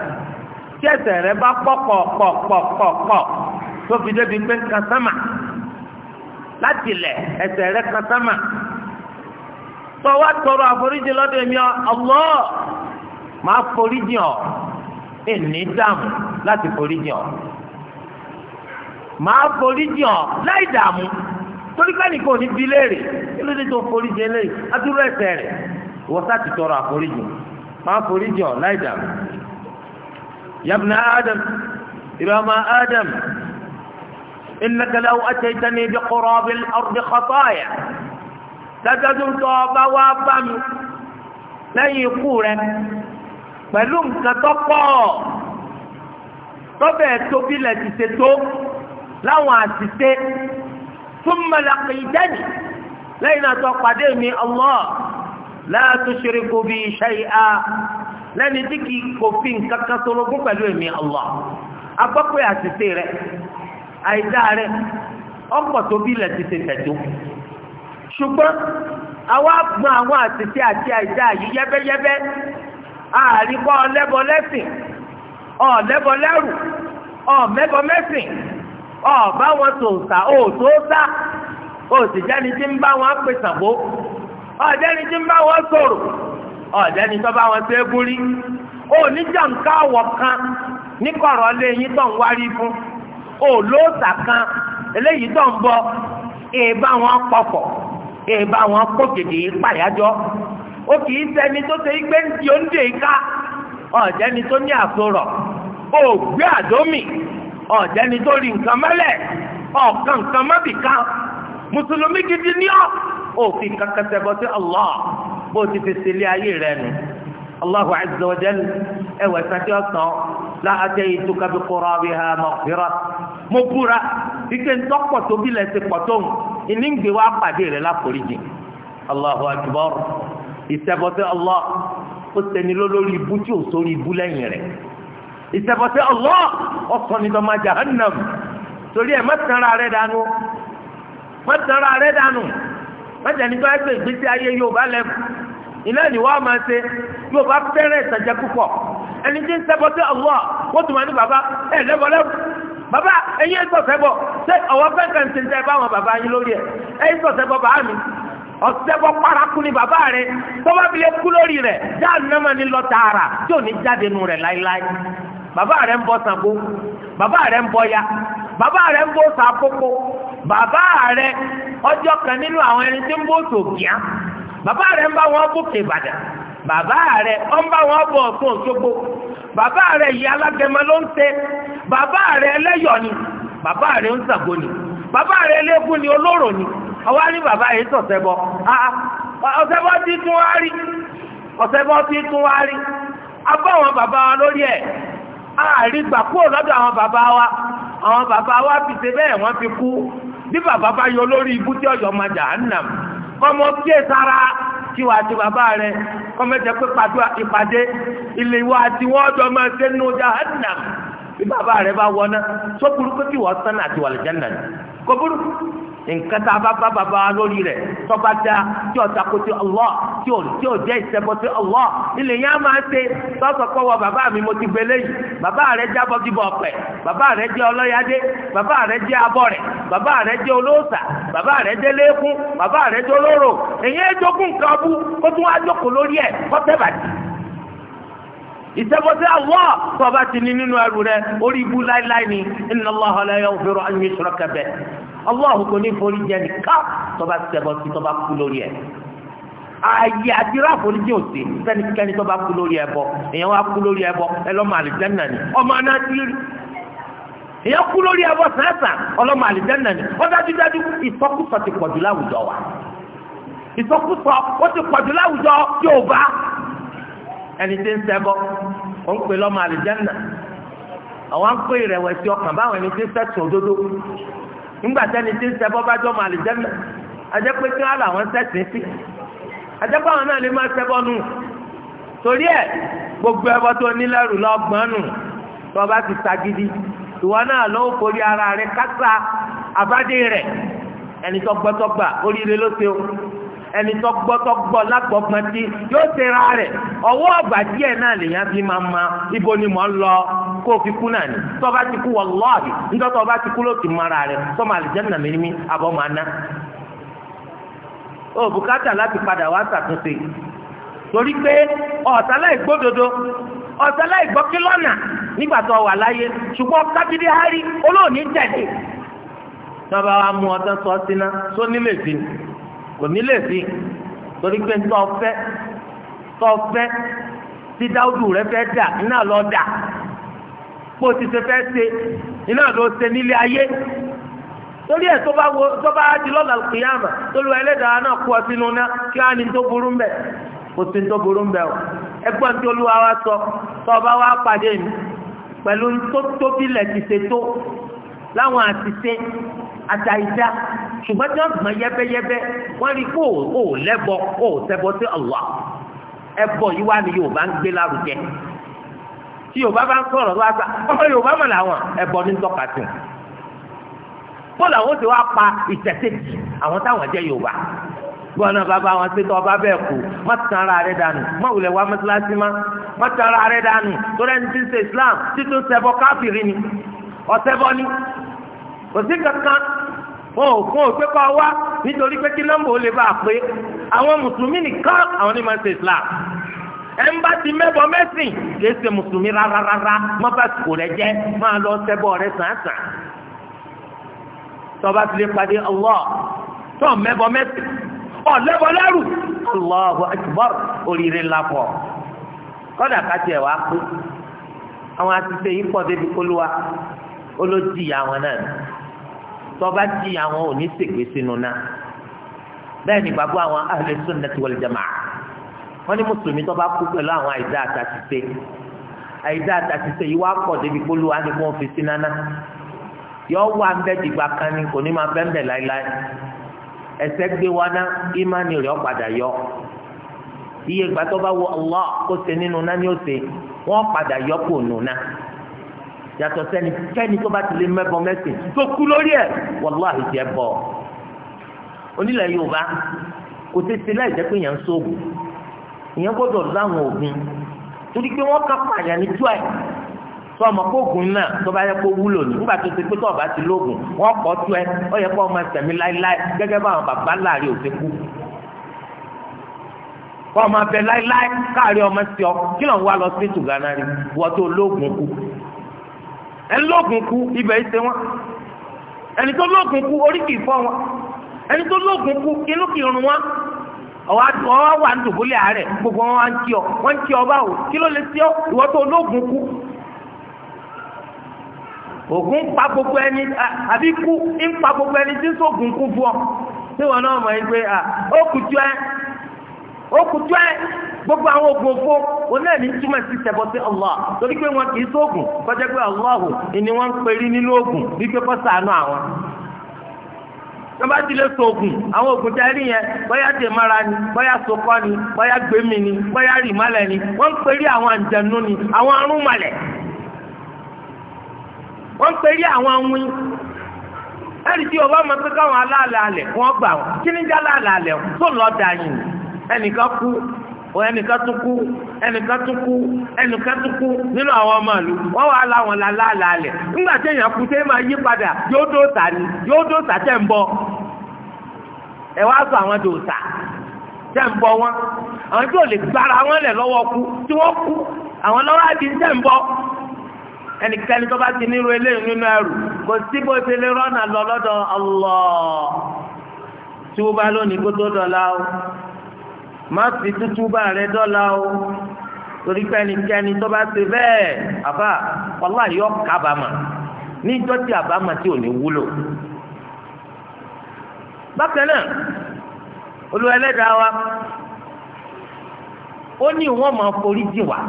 tí ẹsẹ̀ rẹ bá pọ̀ pọ̀ pọ̀ pọ̀ pọ̀ pọ̀ tó fi débi pé nǹkan sámà láti lẹ̀ ẹsẹ̀ rẹ kan sámà Allah máa foríjì ọ́ ẹni dààmú láti forí jìn ọ́ màá forí jìn ọ́ láì dààmú torí ká nìkan ò ní bi léèrè kí ló dé tó forí jìn léèrè adúrú ẹ̀ṣẹ̀ rẹ̀ wọ́n sá ti tọrọ àforíjìn màá forí jìn ọ́ láì dààmú. yabna adam ìrọ̀mà adam innaka law ataytani bi qurabil ardi khataya dájọ́ tó ń tọ́ ọba wá pẹ̀lú nǹkan tó pọ̀ tọ́bẹ̀ tóbi lẹ̀ ti ṣe tó láwọn àṣìṣe fún mọ̀lẹ́kì ìjẹ́ni lẹ́yìn náà tó pàdé mi Allah la tushriku bi shay'a lẹ́ni tí kì í kò nǹkan kan sorogún pẹ̀lú mi Allah agbọ́pẹ́ àṣìṣe rẹ̀ àìdá rẹ̀ ọ̀pọ̀ tóbi lẹ̀ ti ṣe tẹ̀tọ́ ṣùgbọ́n àwa gbọ́n àwọn àṣìṣe àti àìdá yìí yẹ́bẹ́yẹ́bẹ́ àríkọ́ ọlẹ́bọ lẹ́sìn ọ̀lẹ́bọ lẹ́rù ọ̀mẹ́bọ mẹ́sìn ọ̀bá wọn tòòsà òòtòòsà òsìjẹ́ni tí ń bá wọn pè sàbó ọ̀jẹ́ni tí ń bá wọn sọ̀rọ̀ ọ̀jẹ́ni tó bá wọn ṣe é gúrí oníjàǹká àwọ̀ kan níkọ̀rọ̀ lé yín tó ń wárí fún olóòsà kan eléyìí tó ń bọ èèbá wọn pọ̀pọ̀ èèbá wọn kó gèdè pàyájọ́ ó kì í ṣẹni tó ṣe pé ń di oúnjẹ ìka ọ̀jẹ́ni tó ní àsorọ̀ ògbé àdómì ọ̀jẹ́ni tó rí nǹkan mọ́lẹ̀ ọ̀kan nǹkan mọ́bìkan mùsùlùmí gidi ní ọ́ òfin kankan ṣẹbọ sí Allah bó ti fi sílé ayé rẹ nù Allahu azza wa jal ẹwẹ sàtì ọsàn láàtẹ ìtukà bí kúrọ bí ha mọ̀fìrà mo búra ike ńtọ́ pọ̀tó bí lẹ́sìn pọ̀tó ìníǹgbé wa pàdé rẹ láforíjì Allahu akbar ìṣẹbọsẹ Allah ó sẹni lólórí ibú tí ò sórí ibú lẹ́yìn rẹ̀ ìṣẹbọsẹ Allah ọsàn ní dọmọ jahannam torí ẹ mẹtẹnra rẹ dànù mẹtẹnra rẹ dànù mẹtẹni tó ẹgbẹ ìgbésí ayé yóò bá lẹbù iná ni wàá máa ṣe yóò bá fẹ́rẹ̀ ìtajà púpọ̀ ẹni tí ń ṣẹbọsẹ Allah wọ́n tún máa ní bàbá ẹ̀ lẹ́bọ̀ lẹ́bù bàbá ẹ̀yin ẹ̀ sọ̀sẹ̀ bọ̀ ṣé ọ̀wọ́ fẹ́ kàn ti ń tẹ́ báwọn bàbá yín lórí ẹ̀ ọ̀sẹ́gbọ́ paraku ni bàbá rẹ̀ tọ́ba fi lè kú lórí rẹ̀ jáànámà ni lọ tààrà tí ò ní jáde nu rẹ̀ láéláé bàbá rẹ̀ ń bọ Ṣàngó bàbá rẹ̀ ń bọ ya bàbá rẹ̀ ń bọ sàkókó bàbá rẹ̀ ọjọ́ kan nínú àwọn ẹni tí ń bọ sòkìá bàbá rẹ̀ ń bá wọn bókè Ìbàdàn bàbá rẹ̀ ọ ń bá wọn bọ̀ Ọ̀ṣun Òṣogbo bàbá rẹ̀ ìyá alágẹmọ ló ń tẹ bàbá rẹ̀ ẹlẹ́yọ̀ ni bàbá rẹ̀ ń Ṣàngó ni bàbá rẹ̀ lẹ́kùn ni olóró ni àwa ní bàbá yìí sọ̀sẹ̀ bọ̀ ah, ah, ọ̀sẹ̀ bọ́ ti tún wá rí ọ̀sẹ̀ bọ́ ti tún wá rí a àwọn bàbá wa lórí ẹ̀ àárí gbà kúrò lọ́dọ̀ àwọn bàbá wa àwọn bàbá wa fi ṣe bẹ́ẹ̀ wọ́n fi kú bí bàbá bá yọ lórí ibú tí ọ̀yọ́ máa jahannam kọ́mọ kíyè sára tiwa àti bàbá rẹ̀ kọ́mọ jẹ́ pé ìpàdé ilé wa àti wọ́n jọ máa ṣe nù jahannam bí bàbá rẹ̀ bá wọná sókùrú pé kí wọ́n sánà àti wàlùjẹ́ nàní kò burú nǹkan tá a bá bá bàbá wa lórí rẹ̀ tọ́ba dá tí ọ̀tá kò tí Allah tí ò tí ò jẹ́ ìṣẹ́bọ sí Allah ilé yẹn á máa ṣe sọ́sọ̀ kọ́ wọ bàbá mi mo ti gbé léyìí bàbá rẹ̀ jẹ́ abọ́gibọ̀ ọ̀pẹ̀ bàbá rẹ̀ jẹ́ ọlọ́yàdé bàbá rẹ̀ jẹ́ abọ́rẹ̀ bàbá rẹ̀ jẹ́ olóòṣà bàbá rẹ̀ jẹ́ lékún bàbá rẹ̀ jẹ́ olóró èyí ẹ jogún nǹkan bú kó tún ìṣẹ́bọ̀sẹ́ Allah tó o bá ti ní nínú ẹrù rẹ orí ibú láíláí ni inna Allaha la yaghfiru an yushraka bihi Allah kò ní forí jẹ nìkan tó bá ṣẹbọ̀sí tó bá kú lórí ẹ̀ ààyè àti ráàfòrí jẹ́ òsè sẹ́nikẹ́ni tó bá kú lórí ẹbọ èèyàn wá kú lórí ẹbọ ẹlọ́mọ àlìjẹ́nà ni ọmọ aná ti rí èèyàn kú lórí ẹbọ sẹ́sàn ọlọ́mọ àlìjẹ́nà ẹni tí ń ṣẹbọ ó ń pè lọ́mọ àlùjánnà àwọn ń pè ìrẹ̀wẹ̀sì ọkàn báwọn ẹni tí ń ṣẹ̀sìn òdodo nígbà tẹ́ni tí ń ṣẹbọ bá jọmọ àlùjánnà ajẹ́ pé kí wọ́n làwọn ṣẹ̀sìn sí ajẹ́ pé àwọn náà lè máa ṣẹbọ nù torí ẹ̀ gbogbo ẹbọ tó nílẹ̀rù lọ́gbọ́n nù tó bá ti ṣagídí ìwọ náà lọ́wọ́ forí ara rẹ̀ kásá àbádé rẹ̀ ẹni tó gbọ́tọ́gbà oríire ló ṣe o ẹni tó gbọ́ tó gbọ́ tí yóò ṣe ra rẹ̀ ọwọ́ ọ̀bà díẹ̀ náà fi máa ma ibo ni mò ń lọ kó o fi kú náà ni tó bá ti kú wàláhì níjọ́ tó bá ti kú ló ti mara rẹ̀ tó lè jẹ́ ní abọ́ o bùkátà láti padà wá torí pé nígbà tó wà láyé ṣùgbọ́n kábídé hárí olóòní wa mú kò ní lè fi torí pé tọ́fẹ́ tọ́fẹ́ tí dáúdù rẹ fẹ́ dà iná lọ dà bó ti ṣe fẹ́ ṣe iná lọ ṣe nílé ayé torí ẹ̀ tó bá wo tó bá di lọ́la kìyàmà tó lu ẹlẹ́dàá náà kú ọ sínú ná kí á ní tó burú mbẹ kò sí tó burú mbẹ o ẹgbọ́n tó lu àwa sọ tó ọba wa pàdé mi pẹ̀lú tó tóbi lẹ̀ ti ṣe tó láwọn àti ṣe àtàìdá ṣùgbọ́n tí wọ́n gbọ́n yẹ́bẹ́yẹ́bẹ́ wọ́n rí kó o lẹ́bọ o ṣẹbọ sí Allah ẹbọ yìí wá ní Yorùbá ń gbé lárugẹ tí Yorùbá bá ń sọ̀rọ̀ lọ́wọ́ àgbà ọmọ Yorùbá mọ̀ làwọn ẹbọ ní tọ́ka sí bọ́ọ̀lù àwọn ti wá pa ìtẹ̀sẹ̀tì àwọn táwọn jẹ́ Yorùbá gbọ́nà bàbá wọn ṣe tọ́ ọba bẹ́ẹ̀ kú má tan ara rẹ̀ dànù má wulẹ̀ wá mọ́tíláṣí má má tan ara rẹ̀ dànù torí ẹni tí ń ṣe Islam títún ṣẹbọ káfíìrì ni ọ̀ṣẹbọ ni kò sí kankan wọn ò fún òpé kọ́ wá nítorí pé kí nọ́mbà ó lè bá a pé àwọn mùsùlùmí nìkan àwọn onímọ̀ ṣe islam ẹ ń bá ti mẹ́bọ mẹ́sìn kì í ṣe mùsùlùmí rárárárá má bá sìkò rẹ jẹ́ máa lọ sẹ́bọ̀ rẹ sàǹsàn tọ́ba ti lè pàdé Allah tọ́ mẹ́bọ mẹ́sìn ọ̀ lẹ́bọ lẹ́rù Allahu akbar oríire ńlá pọ̀ kọ́dà ká tiẹ̀ wá pé àwọn àti ṣe yìí pọ̀ débi kólúwa ó ló jìyà àwọn náà tọba di àwọn òní ṣègbè sínú náà bẹ́ẹ̀ ni gbàgbọ́ àwọn ahlu sunnati wal jamaa wọ́n ní mùsùlùmí tọba kú pẹ̀lú àwọn àìdá àtàtìṣe àìdá àtàtìṣe yìí wá pọ̀ débi polú wa ni kò fi sí nánà yọ wá ń bẹ dìgbà kan ni kò ní máa bẹ́ láéláé ẹsẹ̀ gbé wa ná ìmánì rẹ̀ padà yọ iye gbàtọ́ wọ Allah kó ṣe nínú náà ni ó ṣe wọ́n padà yọ kó nù náà yàtọ̀ sẹ́ni kẹ́ni tó bá ti lè mẹ́bọ mẹ́sìn tó kú lórí ẹ̀ wàláhì tiẹ̀ bọ̀ onílẹ̀ yorùbá kò tètè láì jẹ́ pé èèyàn ń sóògùn èèyàn gbọ́dọ̀ láwọn òògùn torí pé wọ́n ká pààyàn ní tíwáì tó ọmọ kóògùn náà tó bá yẹ kó wúlò ní nígbà tó ti pé tó ọba ti lóògùn wọ́n kọ́ tó ẹ ó yẹ kó ọmọ ẹsẹ̀mí láíláí gẹ́gẹ́ bá àwọn bàbá láàrin òfin kú kó ọmọ abẹ láíláí káàrin ọmọ sí ọ kí lóun wá lọ sí tùgánná rí wọ́n tó lóògùn kú ẹni lóògùn kú ibẹ̀ wọn ẹni tó lóògùn orí kì í wọn ẹni tó lóògùn inú kì í rún wọn ọwọ́ wà gbogbo wọn wá ń ọ ń ọ báwo kí ló lè ọ ìwọ́ tó ògùn pa gbogbo ẹni àbí kú ń pa ẹni tí fún ọ tí wọn náà mọ̀ ẹ́ pé ó kùtù gbogbo àwọn ògùn ó náà ní túmọ̀ sí ṣẹbọ sí Allah torí pé wọn kì í sóògùn kọjá pé Allahu ni wọ́n ń perí nínú òògùn bí pé kọ́ sàánú àwọn tọ́ba ti lè sọ̀gùn àwọn ògùn rí yẹn ni bóyá sokọ́ ni bóyá gbèmí ni bóyá rìmálẹ̀ ni wọ́n ń perí àwọn àǹjẹ̀nu ni àwọn arúnmalẹ̀ wọ́n ń perí àwọn awin ẹ̀rí tí ọba máa pé káwọn aláàlẹ̀ wọ́n gbà wọ́n kí ẹnìkan ẹnìkan ẹnìkan nínú àwọn ọmọ ìlú wọ́n wà láwọn làlálà alẹ̀ tí èèyàn kú sẹ́yìn máa yí padà yóò dóòtà yóò dóòtà ń sọ àwọn dóòtà tà ń wọn àwọn tí ò lè gbára wọn lọ́wọ́ kú tí wọ́n kú àwọn lọ́wọ́ àti ń tó bá ti eléyìí nínú ẹrù má fi tútú bá rẹ dọ́là o torí pé ẹnikẹ́ni tó bá ṣe bẹ́ẹ̀ àbá wàhálà yọ kábàámà ní ìjọ tí àbámà tí ò ní wúlò. bákan náà olú ẹlẹ́dàá wa ó ní wọ́n máa forí jì wá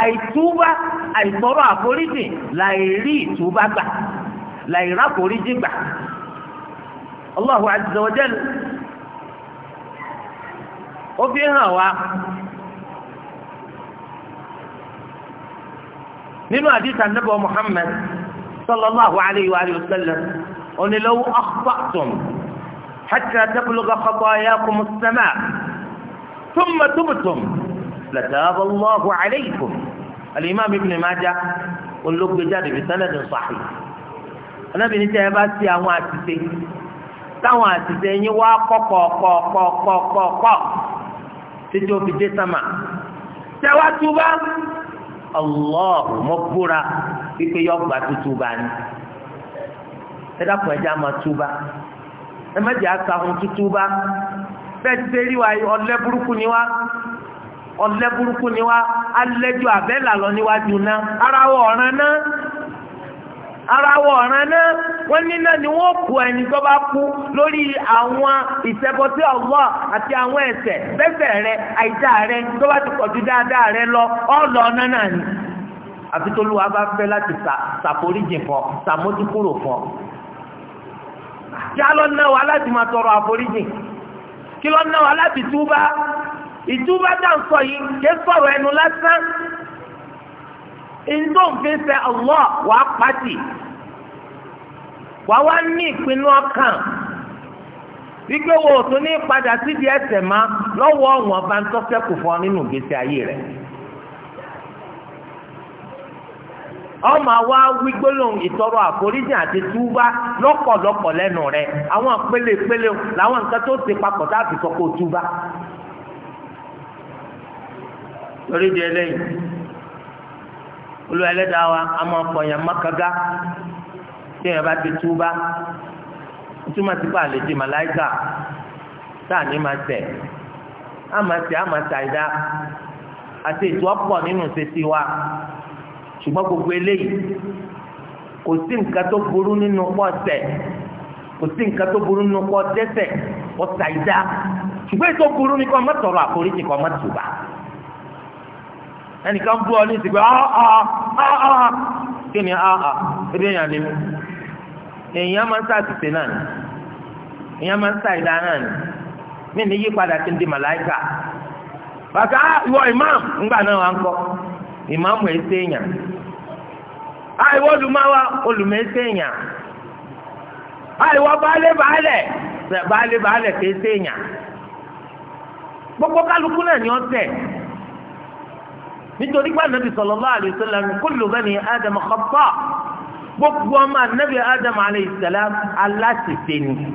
àìtúbá àìtọ́rọ̀ àforíjì láìrí ìtúbá gbà láìrá àforíjì gbà. Allahu azza wa jalla ó fi hàn wá nínú àdìsá nàbọ Muhammad sallallahu alayhi wa sallam onílọ́wọ́ akpọ̀tún hatta tabluga khatayakum as-samaa thumma tubtum lataaba Allahu alaykum al-imam ibn Majah olóògbé jáde bi sanadin sahih anábìrin tí a bá ti àwọn àtìsé táwọn àtìsé yín wá kọ́kọ́ títí ó fi dé sámà tẹwàá túbá Allah mọ́ búra yọ gbà tútù bá ní ẹ dákun ẹ ẹ má jẹ́ àkàhùn tútù bá bẹ́ẹ̀ ti tẹ́rí wa burúkú ni wá ọ̀lẹ́ burúkú ni wá alẹ́jọ́ níwájú náà ara ọ̀ràn náà. ara wọ ọ̀ràn náà wọ́n ní náà ni wọ́n kú ẹni tó bá kú lórí àwọn ìṣẹ́bọtí Allah àti àwọn ẹ̀ṣẹ̀ bẹ́sẹ̀ rẹ àìdá rẹ tó bá ti pọ̀ ju dáadáa rẹ lọ ọ̀lọ́ ọ̀nà náà ni àfi tó lù wá bá láti ṣàforíjì fún ṣàmójúkúrò fún ọ. já lọ ná wa láti máa tọrọ àforíjì kí lọ ná wa láti túbá ìtúbá dà ń sọ yìí kí sọ̀rọ̀ ẹnu lásán ndóǹfin fẹ́ Allah wa wa wa wa ní ìpinnu ọkàn wípé wo tó ní padà sídìí ẹsẹ̀ ma lọwọ ọ̀wọ́n bá ń tọ́sẹ́kù fún ọ nínú ìgbésí ayé rẹ̀. ọmọ àwa wí ìtọrọ àforíjìn àti túbá lọ́pọ̀lọpọ̀ lẹ́nu rẹ àwọn pélépélé làwọn nǹkan tó ti olú ẹlẹ́dàá wa a máa fọyàn mákàgá tí bá ti túbá túmọ̀ sí pé àlejò màláìkà tá máa tẹ̀ á máa tẹ̀ á máa tà ìdá àti ètò ọ̀pọ̀ nínú ìṣesí wa ṣùgbọ́n gbogbo eléyìí kò sí nǹkan tó burú nínú pọ̀ kò sí nǹkan tó burú nínú tọrọ àforíjì kò má tùbà. ẹnìkan bú ọ ah, ah, ah, ń sá àtìsè náà ni àìwọ olùmọ́wá olùmẹ́sẹ̀yìn àìwọ baálẹ̀ baálẹ̀ baálẹ̀ baálẹ̀ gbogbo kálukú náà ni ó tẹ̀. nítorí pé anabi sallallahu alayhi wa sallam kullu bani adam khata gbogbo ọmọ anabi adam alayhi salam aláṣẹṣẹ ni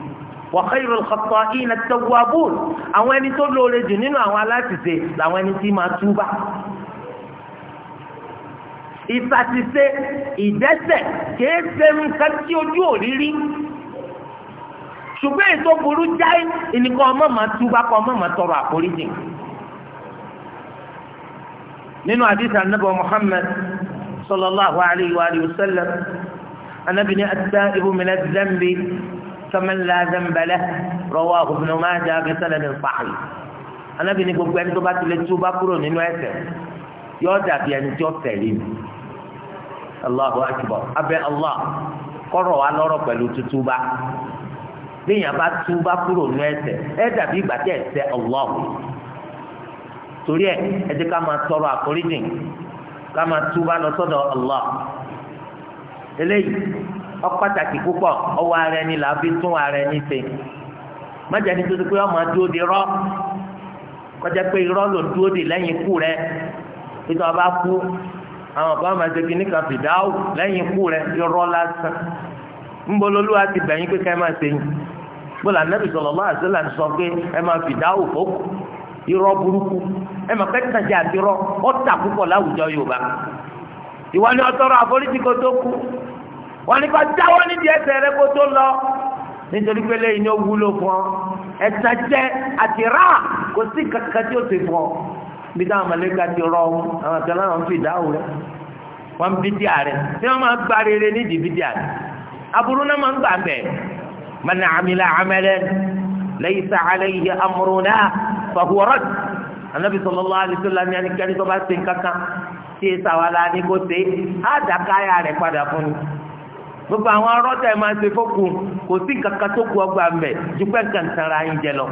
wa khayrul khatta'ina at-tawwabun àwọn ẹni tó lóore jù nínú àwọn aláṣẹṣẹ làwọn ẹni tí máa túbà ìfàṣìṣe ìdẹ́ṣẹ̀ kìí ṣe nǹkan tí ojú òrírí ṣùgbọ́n ètò burú jáì ìnìkan ọmọ màá túbà kọ ọmọ màá tọrọ àforíjì nínú àdìsí anábọ̀ Muhammad sallallahu alayhi wa sallam anábì ní at-ta'ibu min adh-dhanbi kaman la dhanba lahu rawahu ibn Majah bi sanadin sahih anábì ní gbogbo ẹni tó bá tilẹ̀ tú bá kúrò nínú ẹ̀ṣẹ̀ yóò dàbí ẹni tí ó tẹ̀lé mi Allahu akbar abẹ́ Allah kọ́rọ̀ wa lọ́rọ̀ pẹ̀lú tútúbá léèyàn bá túbá kúrò nínú ẹ̀ṣẹ̀ ẹ̀ dàbí ìgbà tẹ̀ ẹ̀ṣẹ̀ Allah torí ẹ ẹ jẹ́ ká máa tọrọ àforíjìn ká máa túbà lọ sọ́dọ̀ Allah eléyìí ọ pàtàkì púpọ̀ ọwọ́ ara ẹni là fi tún ara ẹni ṣe májà ní tuntun pé ọmọ dúró rọ kọjá pé irọ́ ló dúró de lẹ́yìn ikú rẹ títí ọba kú àwọn kan máa ṣe kíní kan fìdáwò lẹ́yìn ikú rẹ irọ́ lásán bẹ̀yìn pé ká ẹ máa ṣe yín bọ́lá nẹ́bí irọ́ burúkú ẹ mọ̀ pé tàjà àti irọ́ ọ̀tà púpọ̀ láwùjọ Yorùbá ìwọ ni ọtọrọ àforíjì kò tó kú wọn ni kò jáwọ́ nídìí ẹsẹ̀ rẹ kò tó lọ nítorí pé lẹ́yìn ní ó wúlò fún ọ ẹ̀sán jẹ́ àti rà kò sí kankan tí ó ti fún ọ bí táwọn mọ̀lẹ́ka ti rọ ọ̀hún àwọn àti aláwọ̀ fi ìdáhùn rẹ wọ́n bí díà rẹ tí wọ́n máa gba rere nídìí bí díà rẹ aburú náà máa ń gbà bẹ́ẹ̀ man amila fahuwa rad anabi sallallahu alaihi wasallam ní ẹnikẹ́ni tó bá ṣe nǹkankan tí ẹ sàwọn aláàánú kò ṣe á dàkáyà rẹ̀ padà fún mi gbogbo àwọn arọ́tẹ̀ máa ṣe fókù kò sí kankan tó kù ọgbà mbẹ ju pé kankan ra yín jẹ lọ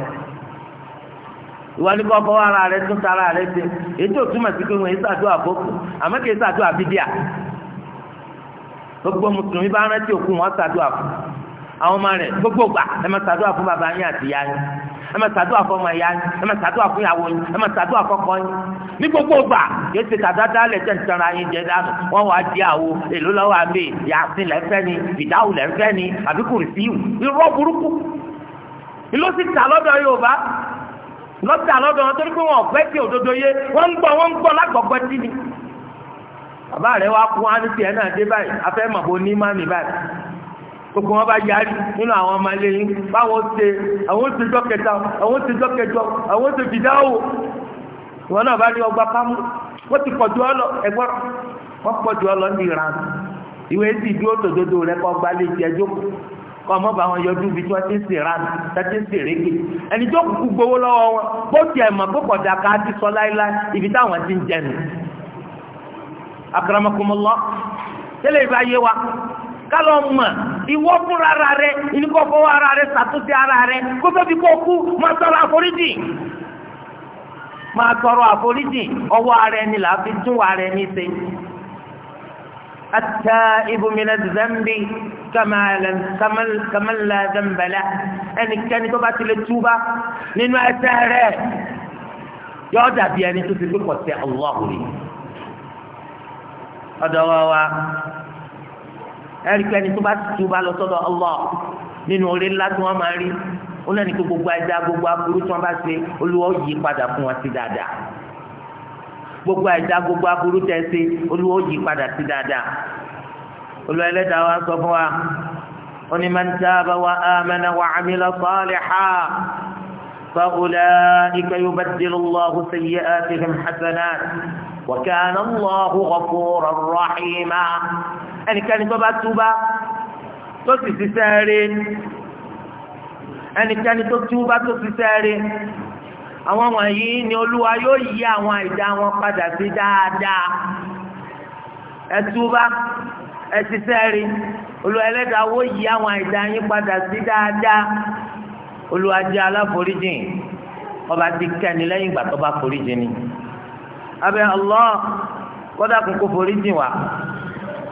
ìwà ní kọ́ fọwọ́ ara rẹ tún tara rẹ ṣe ètò ìtumọ̀ sí pé wọ́n yìí ṣàdúrà fókù àmọ́ kì í ṣàdúrà bídíà gbogbo mùsùlùmí bá rántí òkú wọn ṣàdúrà fún un àwọn ọmọ rẹ̀ gbogbo gbà ẹ máa ṣàdúrà fún bàbá yín àti ìyá yín ẹ máa ṣàdúrà fún ọmọ ìyá yín ẹ máa ṣàdúrà fún ìyàwó yín ẹ máa ṣàdúrà fọ́kọ yín ní gbogbo gbà yóò ṣe tàdádá lẹ tẹ̀ ń tẹ̀ra yín jẹ dànù wọ́n wá di àwo èlò lọ́wọ́ àmì yàtí lẹ́fẹ́ ni fìdáwù lẹ́fẹ́ ni àbíkùrù síwù irọ́ burúkú ìlú sì ta lọ́dọ̀ Yorùbá lọ́tà lọ́dọ̀ wọn torí pé wọn ọ̀fẹ́ tí òdodo yé wọ́n ń gbọ́ wọ́n ń gbọ́ lágbọ̀gbọ́ tí ni. bàbá rẹ̀ wá kú wọn á ní tiẹ̀ náà dé báyìí afẹ́ màbọ̀ ní má mi gbogbo wọn bá yarí nínú àwọn ọmọ ilé yín báwọn ṣe àwọn ti jọ kẹta àwọn ti jọ kẹjọ àwọn ti fìdáwò ìwọ náà bá ní ọgbà kámú wọ́n ti pọ̀jù ọ lọ ẹ̀gbọ́n wọ́n pọ̀jù ní ìran ìwé sì dúró tòdodo rẹ kọ́ gbalẹ̀ ìjẹ́jọ́ kọ́ ọmọ bá wọn yọjú ibi tí wọ́n ti ń sèrán tẹ́tí ń sèrèké ẹni tó kúkú gbowó lọ́wọ́ wọn bó tiẹ̀ mọ̀ bó pọ̀jà ká ti sọ láéláé ibi táwọn ti ń jẹnu. akramakumullah tẹ́lẹ̀ ìbá yé wa kálọ̀ mọ̀ ìwọ fún ara rẹ ìníkọ fọwọ́ ara rẹ ṣàtúnṣe ara rẹ kó tóbi kó kú máa tọrọ àforíjì máa tọrọ àforíjì ọwọ́ ara ẹni là á fi tún ara ẹni ṣe. التائب من الذنب كما لم ẹnikẹ́ni tó bá ti lè nínú ẹ̀ṣẹ̀ rẹ̀ yóò dàbí ẹni tó ti gbé pọ̀ sí Ọlọ́hun ọ̀dọ̀ wa wa ẹ̀ríkẹ́ ni tó bá tu bá lọ sọ́dọ̀ Allah nínú orí ńlá tí wọ́n máa rí ó náà ní kó gbogbo ẹja gbogbo aburú tí wọ́n bá ṣe olúwa ó yí padà fún wọn sí dáadáa gbogbo ẹja gbogbo aburú tẹ̀ ṣe olúwa ó yí padà sí dáadáa olúwa ẹlẹ́dàá wa sọ fún wa ó ní man taba wa amana wa amila salihan fa ulaika yubaddilu Allahu sayyi'atihim hasanat wa kana Allahu ghafuran rahima ẹnikẹ́ni tó bá túbá tó sì ṣiṣẹ́ rí ẹnikẹ́ni tó túbá tó ṣiṣẹ́ rí àwọn wọ̀nyí ni olúwa yóò yí àwọn àìdá wọn padà sí dáadáa ẹ túbá ẹ ṣiṣẹ́ rí olúwa ẹlẹ́dàá wó yí àwọn àìdá yín padà sí dáadáa olúwa jẹ́ aláforíjìn ọba ti kẹ́ni lẹ́yìn ìgbà tó bá foríjìn ni. abẹ́ Allah kọ́dà kókó forí jìn wá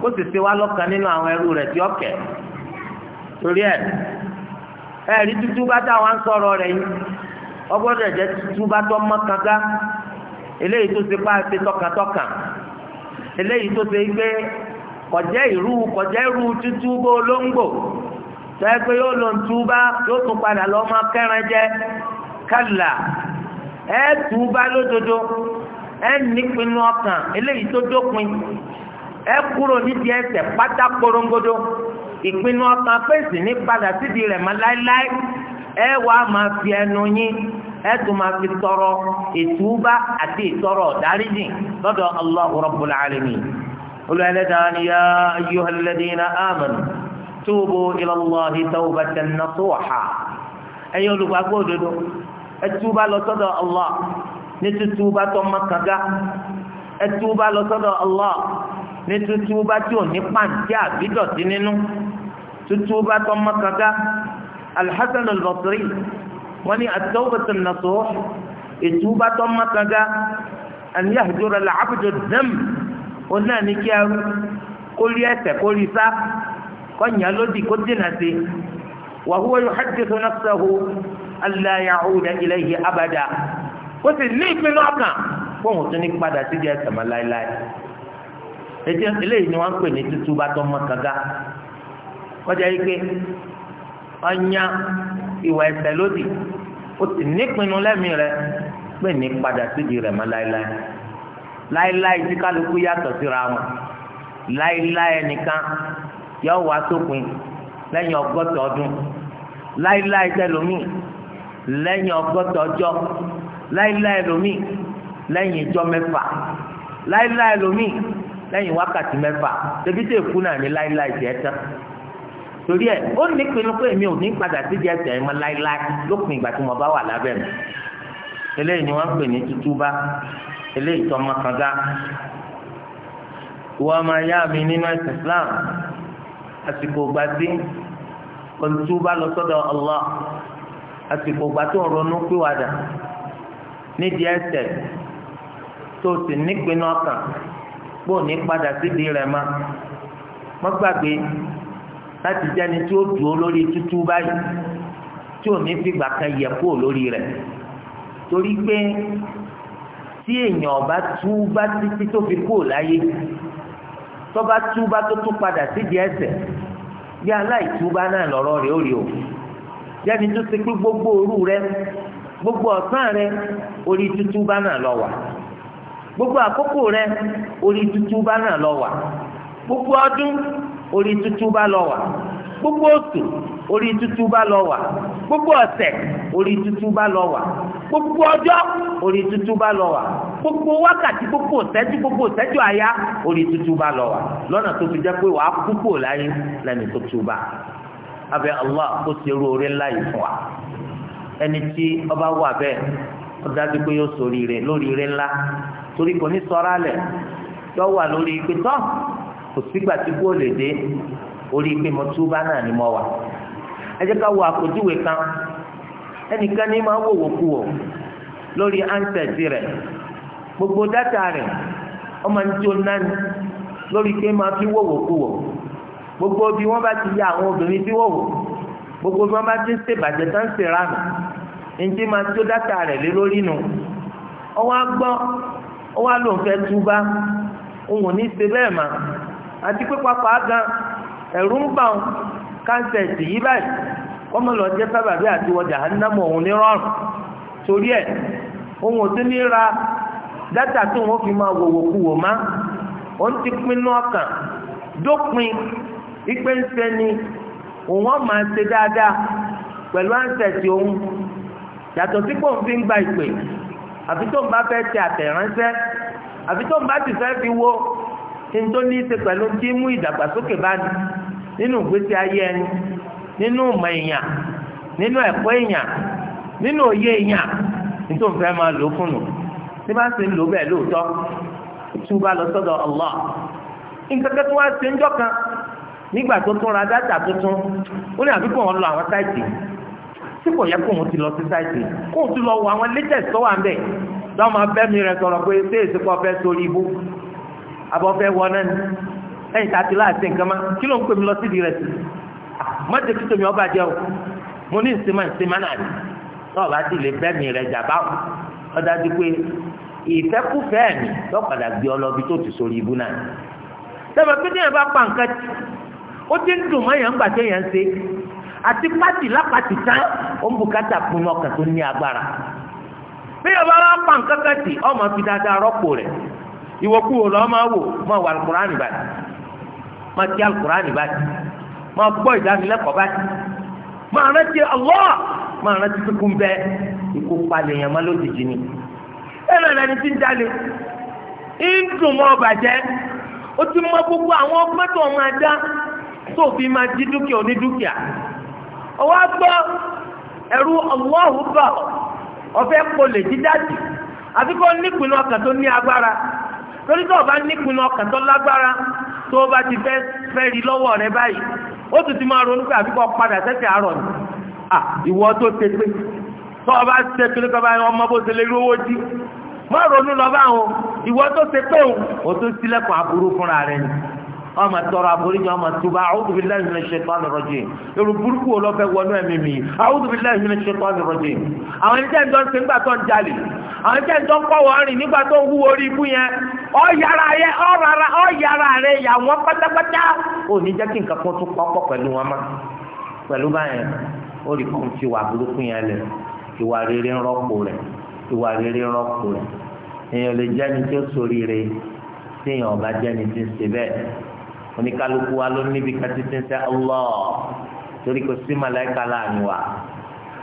kó sì ṣe wá lọ́kàn nínú àwọn ẹrú rẹ̀ tí ọ̀kẹ́ torí ẹ̀ ẹ̀rí tútú bá táwọn ń sọ̀rọ̀ rẹ̀ yìí ọgbọ́dọ̀ jẹ́ tútú bá tọ́ mọ́ kankan eléyìí tó ṣe pa ṣe tọkàntọkàn eléyìí tó ṣe gbé kọjá ìrú kọjá ìrú tútú bó olóńgbò tẹ́ pé yóò lọ túbá yóò tún padà lọ́ kálà ẹ nípinnu ọkàn eléyìí tó dópin ẹ kúrò nídìí ẹsẹ̀ pátá korongodo ìpinnu ọkàn fèsì ní padà sídìí rẹ̀ mọ́ láéláé ẹ wàá máa fi ẹnu yín ẹ tún máa fi tọrọ ìtúbà àti ìtọrọ dáríjìn lọ́dọ̀ Allahu Rabbul Alamin olùwẹ̀lẹ́dàá ni yá ayyuhal ladina amanu tubu ila Allahi tawbatan nasuha ẹ̀yin olùgbàgbọ́ òdodo ẹ túbà Allah ní tuntun bá tọ́ mọ́ kanga ẹtú bá lọ sọ́dọ̀ Allah ní tuntun bá tí ò ní pàǹtí àbídọ̀tí nínú tuntun bá tọ́ mọ́ kanga Al-Hasan Al-Basri wọ́n ní at-tawbatu an-nasuh ètú bá tọ́ mọ́ kanga an yahdura ó náà ní kí arú kórí ẹsẹ̀ kórí sá kọ́nyà lódì kó dènà sí wa huwa yuhaddithu nafsahu alla ya'uda ilayhi abada. ó sì ní ìpinnu fóun tún ní padà sídìí ẹ̀ṣẹ̀ mọ́ láéláé ètí eléyìí ni wọ́n ń pè ní tútú bá tọ́ mọ́ kanga kọjá yìí pé ọ̀nya ìwà ẹ̀ṣẹ̀ lódì ó sì ní lẹ́mìí rẹ̀ pé ní padà sídìí rẹ̀ mọ́ láéláé láéláé tí kálukú yàtọ̀ síra wọn láéláé nìkan yóò wá sópin lẹ́yìn ọgọ́ta ọdún láéláé tẹlomi lẹ́yìn ọgọ́ta ọjọ́. láíláí lomi lẹ́yìn ìjọ mẹ́fà láíláí lomi lẹ́yìn wákàtí mẹ́fà tẹ̀bí tẹ̀ kú náà ní láíláí jẹ́ tán torí ẹ ó ní pinnu pé mi ò ní padà sídìí ẹsẹ̀ ẹ̀ mọ́ láíláí lópin ìgbà tí mo bá wà lábẹ́ mi eléyìí ni wọ́n ń pè ní tútúbá eléyìí tọmọ kan gá wọ́n máa yá mi nínú ẹ̀sìn Islam àsìkò ìgbà tí kò ń túbá lọ sọ́dọ̀ Allah àsìkò ìgbà tó ń ronú pìwàdà nídìí ẹsẹ̀ tó sì nípinnu ọkàn kó ní padà sídìí rẹ̀ ma wọ́n gbàgbé láti jẹ́ni tí ó dúró lórí tútú báyìí tí ò ní fìgbà kan yẹ kó lórí rẹ̀ torí pé tí èèyàn ọba túbá títí tó fi kó láyé tọ́ba túbá tó tún padà sídìí ẹsẹ̀ bí aláìtúbá náà lọ́rọ̀ rẹ̀ ó rí o jẹ́ni tó ti pé gbogbo òru rẹ̀ gbogbo ọ̀sán rẹ orí tútù bá náà lọ wà gbogbo àkókò rẹ orí tútù bá náà lọ wà gbogbo ọdún orí tútù bá lọ wà gbogbo oṣù orí tútù bá lọ wà gbogbo ọ̀sẹ̀ orí tútù bá lọ wà gbogbo ọjọ́ orí tútù bá lọ wà gbogbo wákàtí gbogbo ìṣẹ́jú gbogbo ìṣẹ́jú àyá orí tútù bá lọ wà lọ́nà tó fi jẹ́ pé wàá púpọ̀ láyé lẹ́nu tó túbà abẹ́ Allah kó ṣe irú orí ńlá yìí fún wa. ẹni tí ọba wà bẹ́ẹ̀ ó dájú pé yóò sórí rẹ̀ lórí rẹ̀ ńlá torí kò ní sọ́ra lẹ̀ yóò wà lórí pé tọ́ kò sígbà tí kò lè dé orí pé mo túbá náà ni mo wà ẹ jẹ́ ká wo àpòjúwe kan ẹnìkan ní gbogbo dátà rẹ̀ ọmọ ní tí lórí máa fi wòwò gbogbo bí wọ́n bá ti ya àwọn obìnrin gbogbo bí wọ́n bá ti ń ṣèbàjẹ́ tó ń ṣèrànù ntí máa tó rẹ̀ lé lórí nu ọwọ́ agbọ́ ọwọ́ fẹ́ túbá òun ò ní ṣe bẹ́ẹ̀ mà àti pé papà gan ẹ̀rú ń bà wọn kánsẹ̀tì yí báyìí lọ jẹ́ àti wọjà ánámọ̀ òun ní rọrùn ra fi máa wòwò kú wò má òun ti pinnu ọkàn dópin òun ọmọ ṣe dáadáa pẹ̀lú àǹsẹ̀sì òun yàtọ̀ sí pò ń fi ń gba ìpè àfi tó ń bá fẹ́ ṣe àtẹ̀ránṣẹ́ ti fẹ́ fi wo ní tó ní í ṣe pẹ̀lú tí mú ìdàgbàsókè bá ní nínú ìgbésí ayé ẹni nínú ìmọ̀ èèyàn nínú ẹ̀kọ́ èèyàn nínú òye èèyàn ní tó ń fẹ́ máa lò fún tí bá ń lò bẹ́ẹ̀ lóòótọ́ nígbà tó tún ra dátà tuntun ó ní àbí kò wọ́n lọ àwọn sáìtì tí kò yẹ kó òun ti lọ sí sáìtì kó òun ti lọ wọ àwọn latest tó wà ń bẹ̀ lọ́wọ́ máa bẹ́ mi rẹ̀ sọ̀rọ̀ pé ṣé ìsìnkú ọ̀fẹ́ sórí ibú abọ́fẹ́ wọ náà ni ẹ̀yìn tá a ti láàṣẹ nǹkan má kí ló ń pè mí lọ síbi rẹ̀ sí ah, mọ́tò kí tèmi ọba jẹ́ o mo ní ìsinmi ìsinmi náà ni lọ́wọ́ bá ti lè bẹ́ mi rẹ̀ jà báwò ọ̀dà ti pé ìfẹ́kùfẹ́ mi lọ́kadà gbé ọ lọ bí tó ti sórí ibú náà ó ti ń dùn mọ́ èèyàn gbà tí ṣe àti pátì lápàtì tán ó ń bùkátà pinnu ọkàn tó ní agbára bí ọba wa pa nǹkan kan tì ọmọ fi dáadáa rọ́pò rẹ̀ ìwòkuwò lọ́ọ́ máa wò máa wà alukur'an báyìí máa ti ma báyìí máa gbọ́ ìdánilẹ́kọ̀ọ́ máa rántí máa rántí bẹ́ẹ̀ ikú palẹ̀ yẹn lójijì ni ń ń dùn mọ́ ọbàjẹ́ ó ti mọ gbogbo àwọn tó fi máa jí dúkìá onídúkìá ọwọ́ gbọ́ ẹ̀rú ọlọ́hùn ọ̀fẹ́ polè àti ọkàn tó ní agbára torí tó o bá nípinnu ọkàn tó lágbára tó bá ti fẹ́ fẹ́ rí lọ́wọ́ rẹ báyìí ó tún ti máa ronú pé àbíkọ́ padà sẹ́sẹ̀ àárọ̀ ni à tó ṣe pé tó o bá ṣe pé kọ́ bá ọmọ bó ṣe lè rí owó dí ronú lọ bá wọn tó ṣe pé òun ò tó sílẹ̀kùn wọn máa tọrọ àforíjì wọn máa túbà a'udhu billahi minash shaitanir rajim èrò burúkú wo lọ́fẹ́ wọnú ẹ̀mí mi a'udhu billahi minash shaitanir rajim àwọn ẹni tẹ́ǹtọ́ ń ṣe nígbà tó ń jalè àwọn ẹni tẹ́ǹtọ́ ń kọ́ wọ́n rìn nígbà tó ń wú orí ibú yẹn ọ yàrá yẹ ọ rárá ọ yàrá rẹ yà wọ́n pátápátá ò ní jẹ́ kí nǹkan kan ń rọ́pò bẹ́ẹ̀ oníkálukú wa ló níbi kátí tí ń sẹ́ Allah torí kò sí màláìka láàánú wa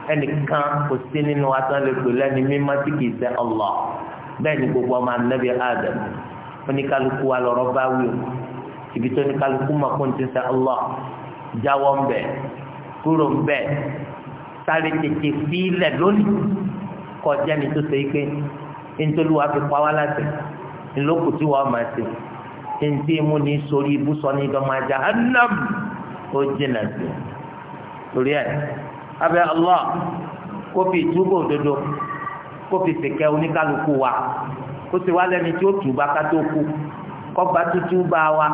ẹnìkan kò sí nínú wa tán lè pè lẹ́ni mímọ́ tí kìí sẹ́ Allah bẹ́ẹ̀ ni gbogbo ọmọ anábì Adam oníkálukú wa lọ́rọ́ bá wí o ibi tó oníkálukú mọ̀ kó ń ti sẹ́ Allah jáwọ́ ń bẹ̀ kúrò ń bẹ̀ sáré tètè fílẹ̀ lónìí kọjá ni tó ṣe é pé fi pa wá láti ńlọkùtì wa máa ṣe ntí mú ní sórí ibùsọ ní ìdọ́mọ jahannam ó jìnà sí torí ẹ abẹ Allah kó fi ìtúbọ̀ òdodo kó fi sèkẹ́ oníkálukú wa kó sì wá lẹ́ni tí ó tùbá ká tó kú kọ́gbà tútù bá wa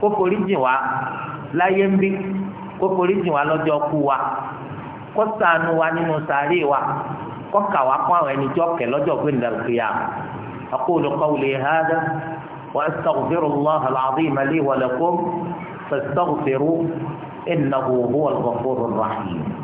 kó forí jìn wá láyé ń bí kó forí jìn wá lọ́jọ́ kú wa kó ṣàánú wa nínú sàárè wa kó kà wá kó àwọn ẹni tí ó kẹ̀ lọ́jọ́ gbé nígbà kéya aqulu qawli hadha. وأستغفر الله العظيم لي ولكم فاستغفروا إنه هو الغفور الرحيم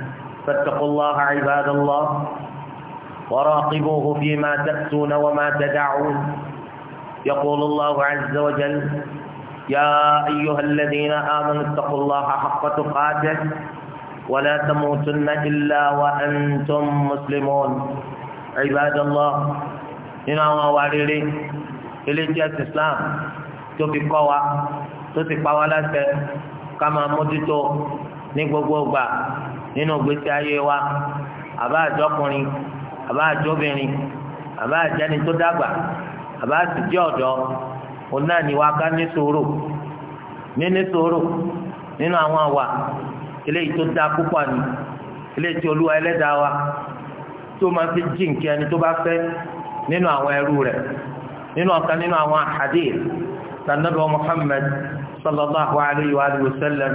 فاتقوا الله عباد الله وراقبوه فيما تأتون وما تدعون يقول الله عز وجل يا أيها الذين آمنوا اتقوا الله حق تقاته ولا تموتن إلا وأنتم مسلمون عباد الله هنا وعليلي إلي iléeṣẹ́ الإسلام تبقى tó تبقى kọ́ wa tó ti pa wá ní gbogbo nínú gbèsè ayé wa àbá àjọkùnrin àbá àjọbìnrin àbá àjẹni tó dàgbà àbá àtijọ́ ọ̀dọ́ òun náà ni wa ká ní sòrò ní ní sòrò nínú àwọn àwà eléyìí tó dáa púpọ̀ ni eléyìí tí olúwa ẹlẹ́dàá wa tó máa fi jí nǹkan ẹni tó bá fẹ́ nínú àwọn ẹrú rẹ̀ nínú ọ̀kan nínú àwọn sallallahu alayhi wa sallam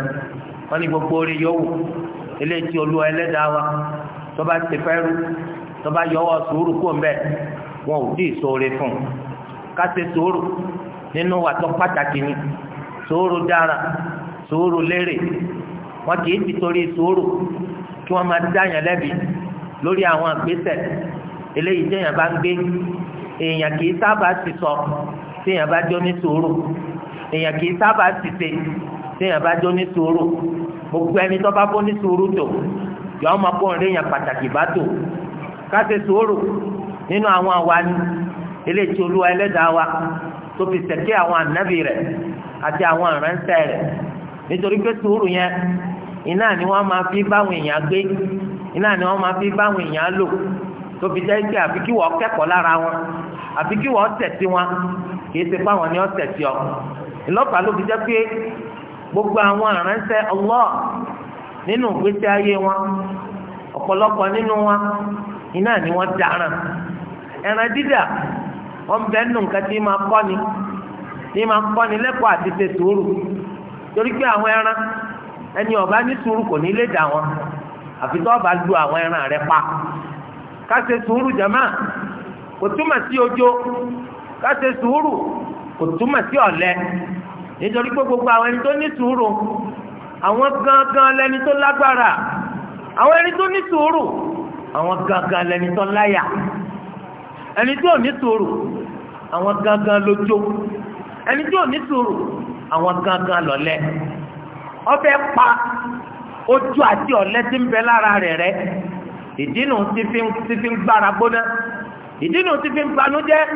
wọ́n ní gbogbo orí yòówù. eléyìí tí olú ẹlẹ́dàá wa tó bá ti fẹ́ rú tó bá yọwọ́ sùúrù kó ń bẹ̀ wọn ò tíì sóore fún un ká ṣe sùúrù nínú wa tó pàtàkì ni sùúrù dára sùúrù lérè wọn kì í ti torí sùúrù kí wọ́n máa dáyàn lẹ́bi lórí àwọn àgbésẹ̀ eléyìí téèyàn bá ń gbé èèyàn kì í sábà ti sọ téèyàn bá jó ní sùúrù èèyàn kì í sábà ti ṣe téèyàn bá jó ní sùúrù. gbogbo ẹni tó bá bọ́ ní sùúrù tó yọ ọmọ kó ń pàtàkì bá tó ká ṣe nínú àwọn àwọn eléyìí a olúwa ẹlẹ́dàá wa tó fi ṣẹ̀kí àwọn ànábì rẹ̀ àti àwọn ìránṣẹ́ rẹ̀ nítorí pé sùúrù yẹn iná ni wọ́n máa fi báwọn èèyàn gbé iná ni wọ́n máa fi báwọn èèyàn lò tó fi jẹ́ pé àfi kí wọ́n kẹ́kọ̀ọ́ lára wọn àfi kí wọ́n tẹ̀sí wọn kì í ṣe ni wọ́n tẹ̀sí ọ gbogbo àwọn àránṣẹ́ Allah nínú ìgbésí ayé wọn ọ̀pọ̀lọpọ̀ nínú wọn iná ni wọ́n dáràn ẹran dídà wọ́n bẹ nù nǹkan tí máa n'i tí máa n'i lẹ́kọ̀ọ́ àti ṣe torí pé àwọn ẹran ẹni ọba ní sùúrù kò ní lè dà wọn àfi tó ọba lu àwọn ẹran rẹ pa ká sùúrù jàmá kò túmọ̀ sí ojó ká sùúrù kò túmọ̀ nítorí pé gbogbo àwọn ẹni tó ní sùúrù àwọn gangan lẹni tó lágbára àwọn ẹni tó ní sùúrù àwọn gangan lẹni tó láyà ẹni tí ò ní sùúrù àwọn gangan lójó ẹni tí ò ní sùúrù àwọn gangan lọ̀lẹ ọbẹ pa ojú àti ọ̀lẹ tí ń bẹ lára rẹ̀ rẹ́ ìdínú tí fi ń gbára gbóná ìdínú tí fi ń gbanú jẹ́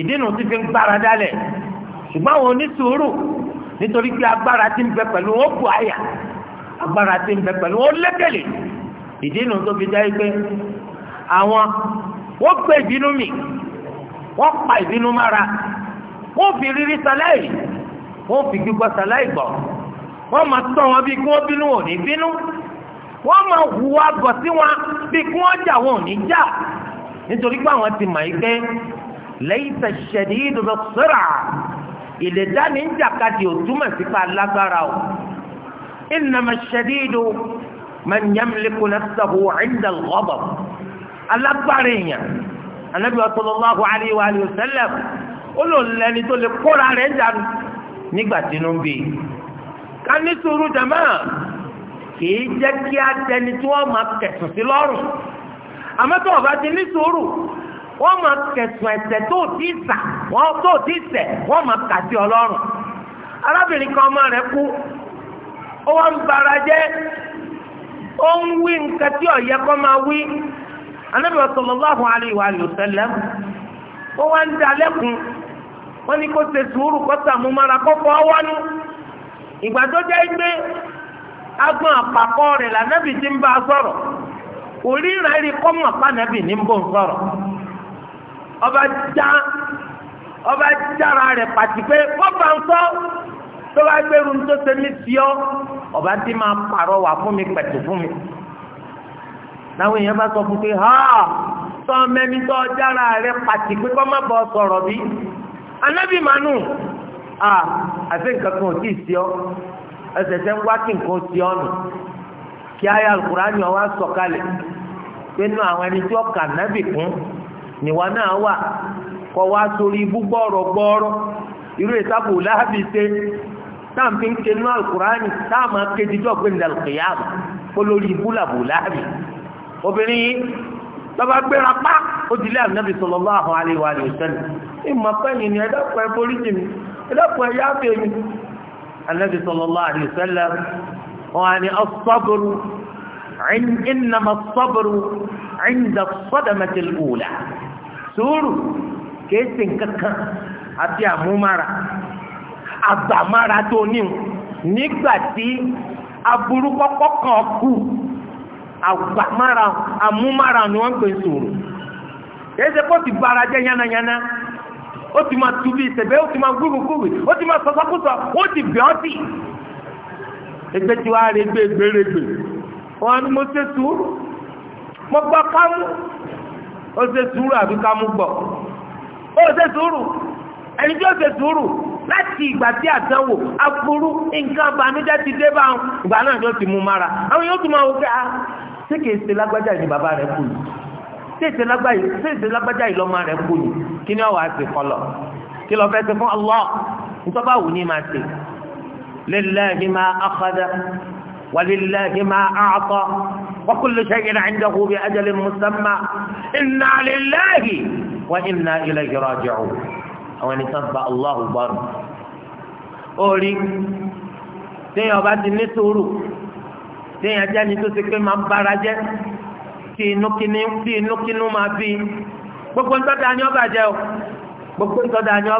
ìdínú tí fi ń gbára dálẹ̀ ṣùgbọ́n àwọn onísùúrù nítorí pé agbára ti ń bẹ pẹ̀lú wọn bù àyà agbára ti ń bẹ pẹ̀lú wọn lẹ́kẹ̀lẹ̀ ìdí nu tó fi jẹ́ pé àwọn wọ́n gbé ìbínú mi wọ́n pa ìbínú mára wọ́n fi rírí sáláì wọ́n fi gbígbọ́ sáláì gbọ́ wọ́n máa tọ́ wọn bí kí wọ́n bínú wọn ò ní bínú wọ́n máa hùwà bọ̀ sí wọn bí kí wọ́n jà wọn ò ní jà nítorí pé àwọn ti mọ̀ yìí pé lẹ́yìn tẹ̀sẹ̀dí dòdò sọ́ra ìlẹ̀dáni ń jàkadì ò túmọ̀ sí pa lágbára o innama shadidu man yamliku nafsahu 'inda al-ghadab alágbára èèyàn anabi sallallahu alayhi wa alihi wa sallam olóòlẹ́ni tó lè kóra rẹ̀ ń dànù nígbà tí inú bí i ká ní sùúrù jàmá kìí jẹ́ kí á tẹni tí wọ́n máa kẹ̀sùn sí lọ́rùn àmọ́ tó o bá ti ní sùúrù wọ́n máa kẹ̀sùn tó ti sà wọ́n tó ti wọ́n máa kà ọlọ́run arábìnrin kan ọmọ rẹ̀ kú ó wá ń jẹ́ ó ń wí nǹkan tí ọ̀yẹ kọ́ máa wí wa sallam ó wá ń da lẹ́kùn wọ́n ní kó ṣe sùúrù kó ìgbà tó jẹ́ gbé àpapọ̀ rẹ̀ ọba já ọba jára rẹ̀ pàtì pé ọba ń sọ tó bá gbẹrù tó ṣe mí ọba tí máa pàrọ̀ wà fún mi pẹ̀tù fún mi láwọn èèyàn bá sọ fún pé ha tọ́ mẹ́ni tọ́ jára rẹ̀ pàtì pé kọ́ má bọ̀ sọ̀rọ̀ bí àti nǹkan kan ò tí ì sí ẹsẹ̀ tẹ́ ń wá kí nǹkan ó sí nù kí ayé alukura ni ọ wá sọ̀kalẹ̀ pé nù àwọn ẹni tí nábì kún. níwà náà wà kọ wá sórí ibú gbọ́ọ̀rọ̀gbọ́ọ̀rọ̀ irú ìsábò láàbì ṣe táà fi ń ké nínú alukurani táà máa ké jíjọ́ pé nílẹ̀ alùkìyàmù kó lórí ibú làbò láàbì obìnrin yìí lọ́ba gbéra pa ó ti lé ànábì النبي صلى الله عليه وسلم pẹ́yìn ni ẹ̀dọ́pọ̀ ẹ̀ forí jì mí ẹ̀dọ́pọ̀ ẹ̀ sùúrù kéésì kankan àti àmúmára àgbàmára tó Agba mara tí kan kú àgbàmára àmúmára ni wọ́n ń sùúrù kéésì kó ti bára jẹ́ ó ti ma tubi ìsẹ̀bẹ́ ó ti máa gbúgbùgbùgbì ó ti ma sọ̀sọ́kùsọ̀ ó ti bẹ́ọ́tì ẹgbẹ́ tí wàá rẹ gbé gbèrègbè wọn ni mo ṣe sùúrù mo gbọ́ ó ṣe sùúrù àbí ká mú gbọ̀ ó ṣe sùúrù ẹni tí ó ṣe sùúrù láti ìgbà tí àtẹwò aburú nǹkan àbànújẹ́ ti dé bá wọn ìgbà náà ló ti mú mára àwọn yóò tún máa wò pé a ah, ṣé kìí ṣe lágbájá ni bàbá rẹ̀ kù yìí ṣé ìṣe lágbájá yìí lọ́mọ rẹ̀ kù yìí kí ni ọ̀wá ṣe kọlọ kí lọ fẹ́ ṣe fún Allah nítorí báwo ni máa ṣe lillahi ma akhada. ولله ما أعطى وكل شيء عنده بأجل مسمى إنا لله وإنا إليه راجعون أو أن تنبأ الله بار أولي تيا بعد النسور تيا جاني تسكت من برجة tí inú kínú tí inú kínú بكون bí gbogbo ń tọ́da ni ọba jẹ́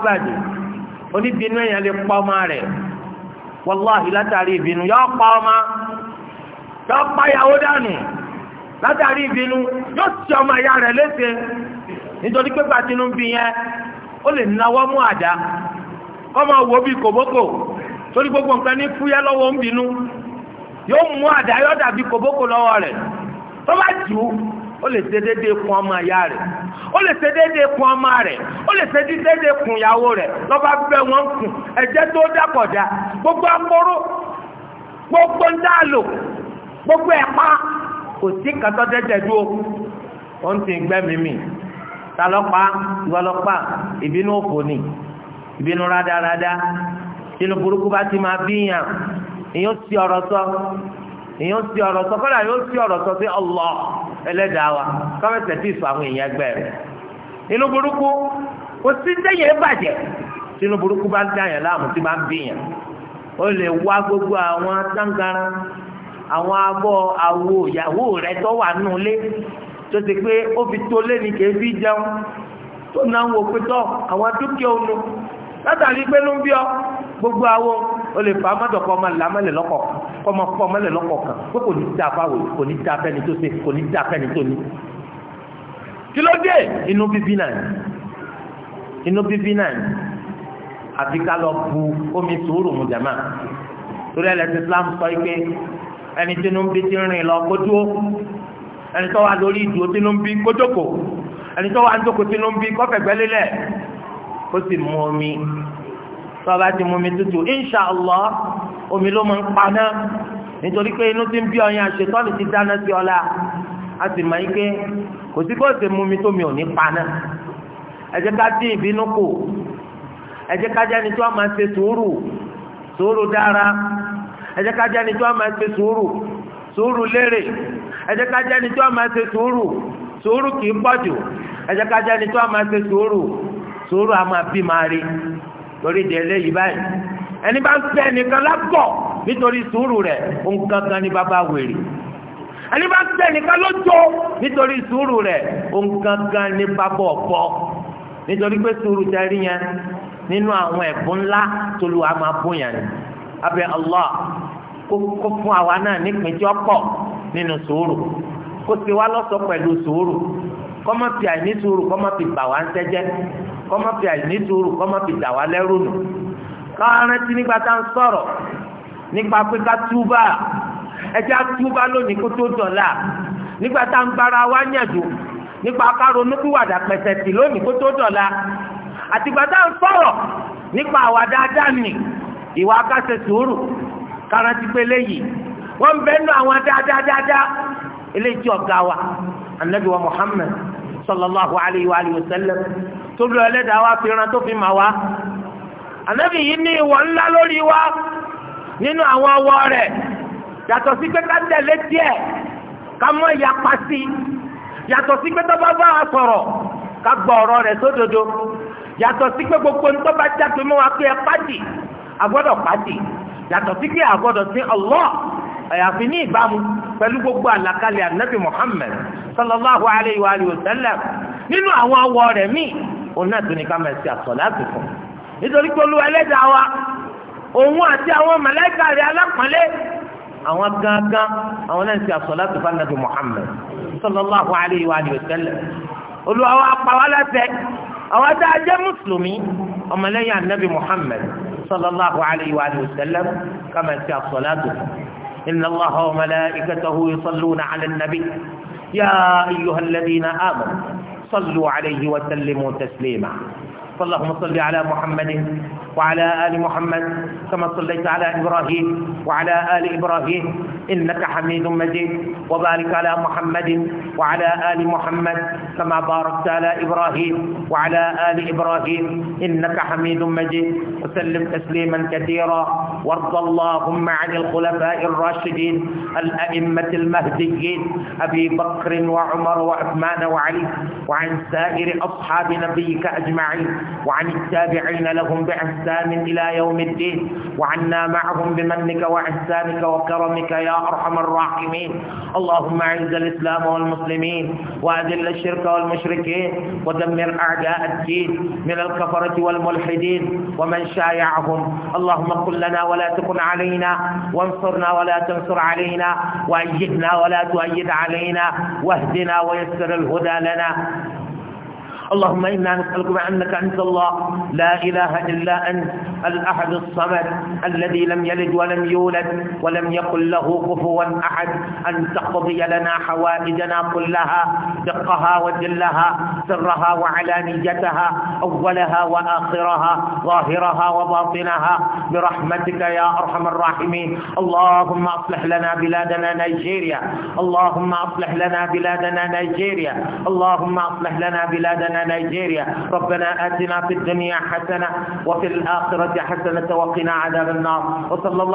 o gbogbo ń wàláhì látàrí ìbínú yọ pa ọmọ yọ pa ìyàwó dànù látàrí ìbínú yọ tí ọmọ ìyá rẹ̀ léṣe nítorí pé pàtínú bí yẹn ó lè náwó mú àdá kọ́ bí kòbókò torí gbogbo nǹkan ní fúyẹ́ lọ́wọ́ ń bínú yóò mú àdá dàbí lọ́wọ́ rẹ̀ O le se déédéé kun ọmọ ìyá rẹ̀ ó lè ṣe déédéé kun ọmọ rẹ̀ ó lè ṣe déédéé kun ìyàwó rẹ̀ lọ́ba bẹ́ wọn kun ẹ̀jẹ̀ tó dàkọ̀dá gbogbo akóró gbogbo ń dá lò gbogbo ẹ̀pá kò sí kàtọ́ dẹ́dẹ̀ dúró ó ń ti gbẹ́ mímì ta lọ́pa ìwọ ìbínú òfò ìbínú rádaràda inú burúkú bá ti máa bíyàn èyí ó ti ọ̀rọ̀ sọ èèyàn ti ọ̀rọ̀ sọ kọ́dà yóò ti ọ̀rọ̀ sọ sí Allah ẹlẹ́dàá wa kọ́mẹ́sẹ̀ tí ìfọ̀ àwọn èèyàn ẹgbẹ́ rẹ̀ inú burúkú kò sí déyìn bàjẹ́ inú burúkú bá ń dá yẹn láàmú tí wá gbogbo àwọn àwọn abọ́ àwo ìyàwó rẹ̀ tó wà tó ti pé ó fi tó lé ní jẹun tó látàrí pé ló ń bí ọ gbogbo awo o lè fa amádọ̀ kọ́ ọmọ làmọ́lẹ̀ lọ́kọ̀ kọ́ ọmọ fọ́ ọmọlẹ̀ lọ́kọ̀ kan pé kò ní da fáwò kò ní da fẹ́ni tó ṣe kò ní da fẹ́ni tó ní. kí ló dé inú bíbí náà ni inú bíbí náà ni àfi ká lọ bu omi sùúrù mu jàmá torí ẹlẹ́sìn Islam sọ pé ẹni tí inú bí ti rìn lọ kó dúró ẹni tó wà lórí ìdúró tí inú bí kó ẹni tó wà ń jókòó tí inú bí kó kó sì mú omi tó o bá ti mú omi tútù insha allah omi ló máa ń paná nítorí pé inú ti ń bí ọyàn àṣetọ́ni ti dáná sí ọlá a sì máa ń ké kò sí kó o sì mú omi tó mi ò ní paná ẹ jẹ́ ká dín ìbínú kù ẹ jẹ́ ká jẹ́ni tí wọ́n máa ṣe sùúrù sùúrù dára ẹ ká jẹ́ni tí wọ́n máa ṣe sùúrù sùúrù lérè ẹ ká jẹ́ni tí wọ́n máa ṣe sùúrù sùúrù kì í pọ̀jù ẹ ká jẹ́ni tí wọ́n máa ṣe sùúrù sòrò a máa bí máa rí lórí ìdí báyìí ẹni bá ń fẹ́ nìkan lápọ̀ nítorí sùúrù rẹ̀ ó ń ní bàbá wèrè ẹni bá ń fẹ́ nìkan lójó nítorí rẹ̀ ní bàbá ọ̀pọ̀ nítorí pé sùúrù tẹ rí yẹn nínú àwọn ẹ̀bùn ńlá tolu kọ́mọ fi àìní sùúrù kọ́mọ fi bà wá ń sẹ́jẹ́ kọ́mọ fi àìní sùúrù kọ́mọ fi dà wá lẹ́rù nù kárántì nígbà tá ń sọ̀rọ̀ nípa pé ká túbà ẹjẹ́ á túbà lónìí kó tó dọ̀la nígbà tá ń gbára wá yànjú nípa ká ronú kíwàdà pẹ̀sẹ̀ tì lónìí kó tó dọ̀la àtìgbà tá ń sọ̀rọ̀ nípa àwa dáadáa nì ìwà ká sùúrù kárántì pé léyìí wọ́n ń bẹ́ẹ̀ النبي wa muhammed sallallahu alayhi wa alihi wa sallam tó lọ ẹlẹ́dàá wa fi ran tó fi mà wá anabi yìí ní ìwọ ńlá lórí wa nínú àwọn ọwọ́ rẹ̀ yàtọ̀ sí pé ká tẹ̀lé tiẹ̀ ká mọ ìyapa sí yàtọ̀ sí pé tọ́ba bá wa sọ̀rọ̀ ká gbọ́ ọ̀rọ̀ rẹ̀ sódodo yàtọ̀ sí gbogbo ní tọ́ba jáde mọ́ wa pé ẹ pàdì àgbọ́dọ̀ pàdì yàtọ̀ sí pé sí Allah àyàfi ní ìbámu pẹ̀lú gbogbo àlàkalẹ̀ ànábì Muhammad sallallahu alayhi wa sallam nínú àwọn awọ rẹ̀ míì òun náà tún ní ká máa ṣe àsàlátù fún nítorí pé olúwa ẹlẹ́dàá wa òun àti àwọn màláíkà rẹ̀ alápọ̀nlé àwọn gángan àwọn náà ṣe àsàlátù fún ànábì Muhammad sallallahu alayhi wa sallam olúwa wa pa wá láṣẹ àwọn tá a jẹ́ mùsùlùmí ọmọlẹ́yìn ànábì Muhammad sallallahu alayhi wa sallam ká máa ṣe fún. إن الله وملائكته يصلون على النبي يا أيها الذين آمنوا صلوا عليه وسلموا تسليما اللهم صل على محمد وعلى آل محمد كما صليت على إبراهيم وعلى آل إبراهيم إنك حميد مجيد وبارك على محمد وعلى آل محمد كما باركت على إبراهيم وعلى آل إبراهيم إنك حميد مجيد وسلم تسليما كثيرا وارض اللهم عن الخلفاء الراشدين الأئمة المهديين أبي بكر وعمر وعثمان وعلي وعن سائر أصحاب نبيك أجمعين وعن التابعين لهم بإحسان إلى يوم الدين وعنا معهم بمنك وإحسانك وكرمك يا أرحم الراحمين اللهم أعز الإسلام والمسلمين وأذل الشرك والمشركين ودمر أعداء الدين من الكفرة والملحدين ومن شايعهم اللهم كن لنا ولا تكن علينا وانصرنا ولا تنصر علينا وأيدنا ولا تؤيد علينا واهدنا ويسر الهدى لنا اللهم إنا نسألك بأنك أنت الله لا إله إلا أنت الأحد الصمد الذي لم يلد ولم يولد ولم يقل له كفوا أحد أن تقضي لنا حوائجنا كلها دقها وجلها سرها وعلانيتها أولها وآخرها ظاهرها وباطنها برحمتك يا أرحم الراحمين اللهم أصلح لنا بلادنا نيجيريا اللهم أصلح لنا بلادنا نيجيريا اللهم أصلح لنا بلادنا ربنا نيجيريا ربنا آتنا في الدنيا حسنة وفي الآخرة حسنة وقنا عذاب النار وصلى الله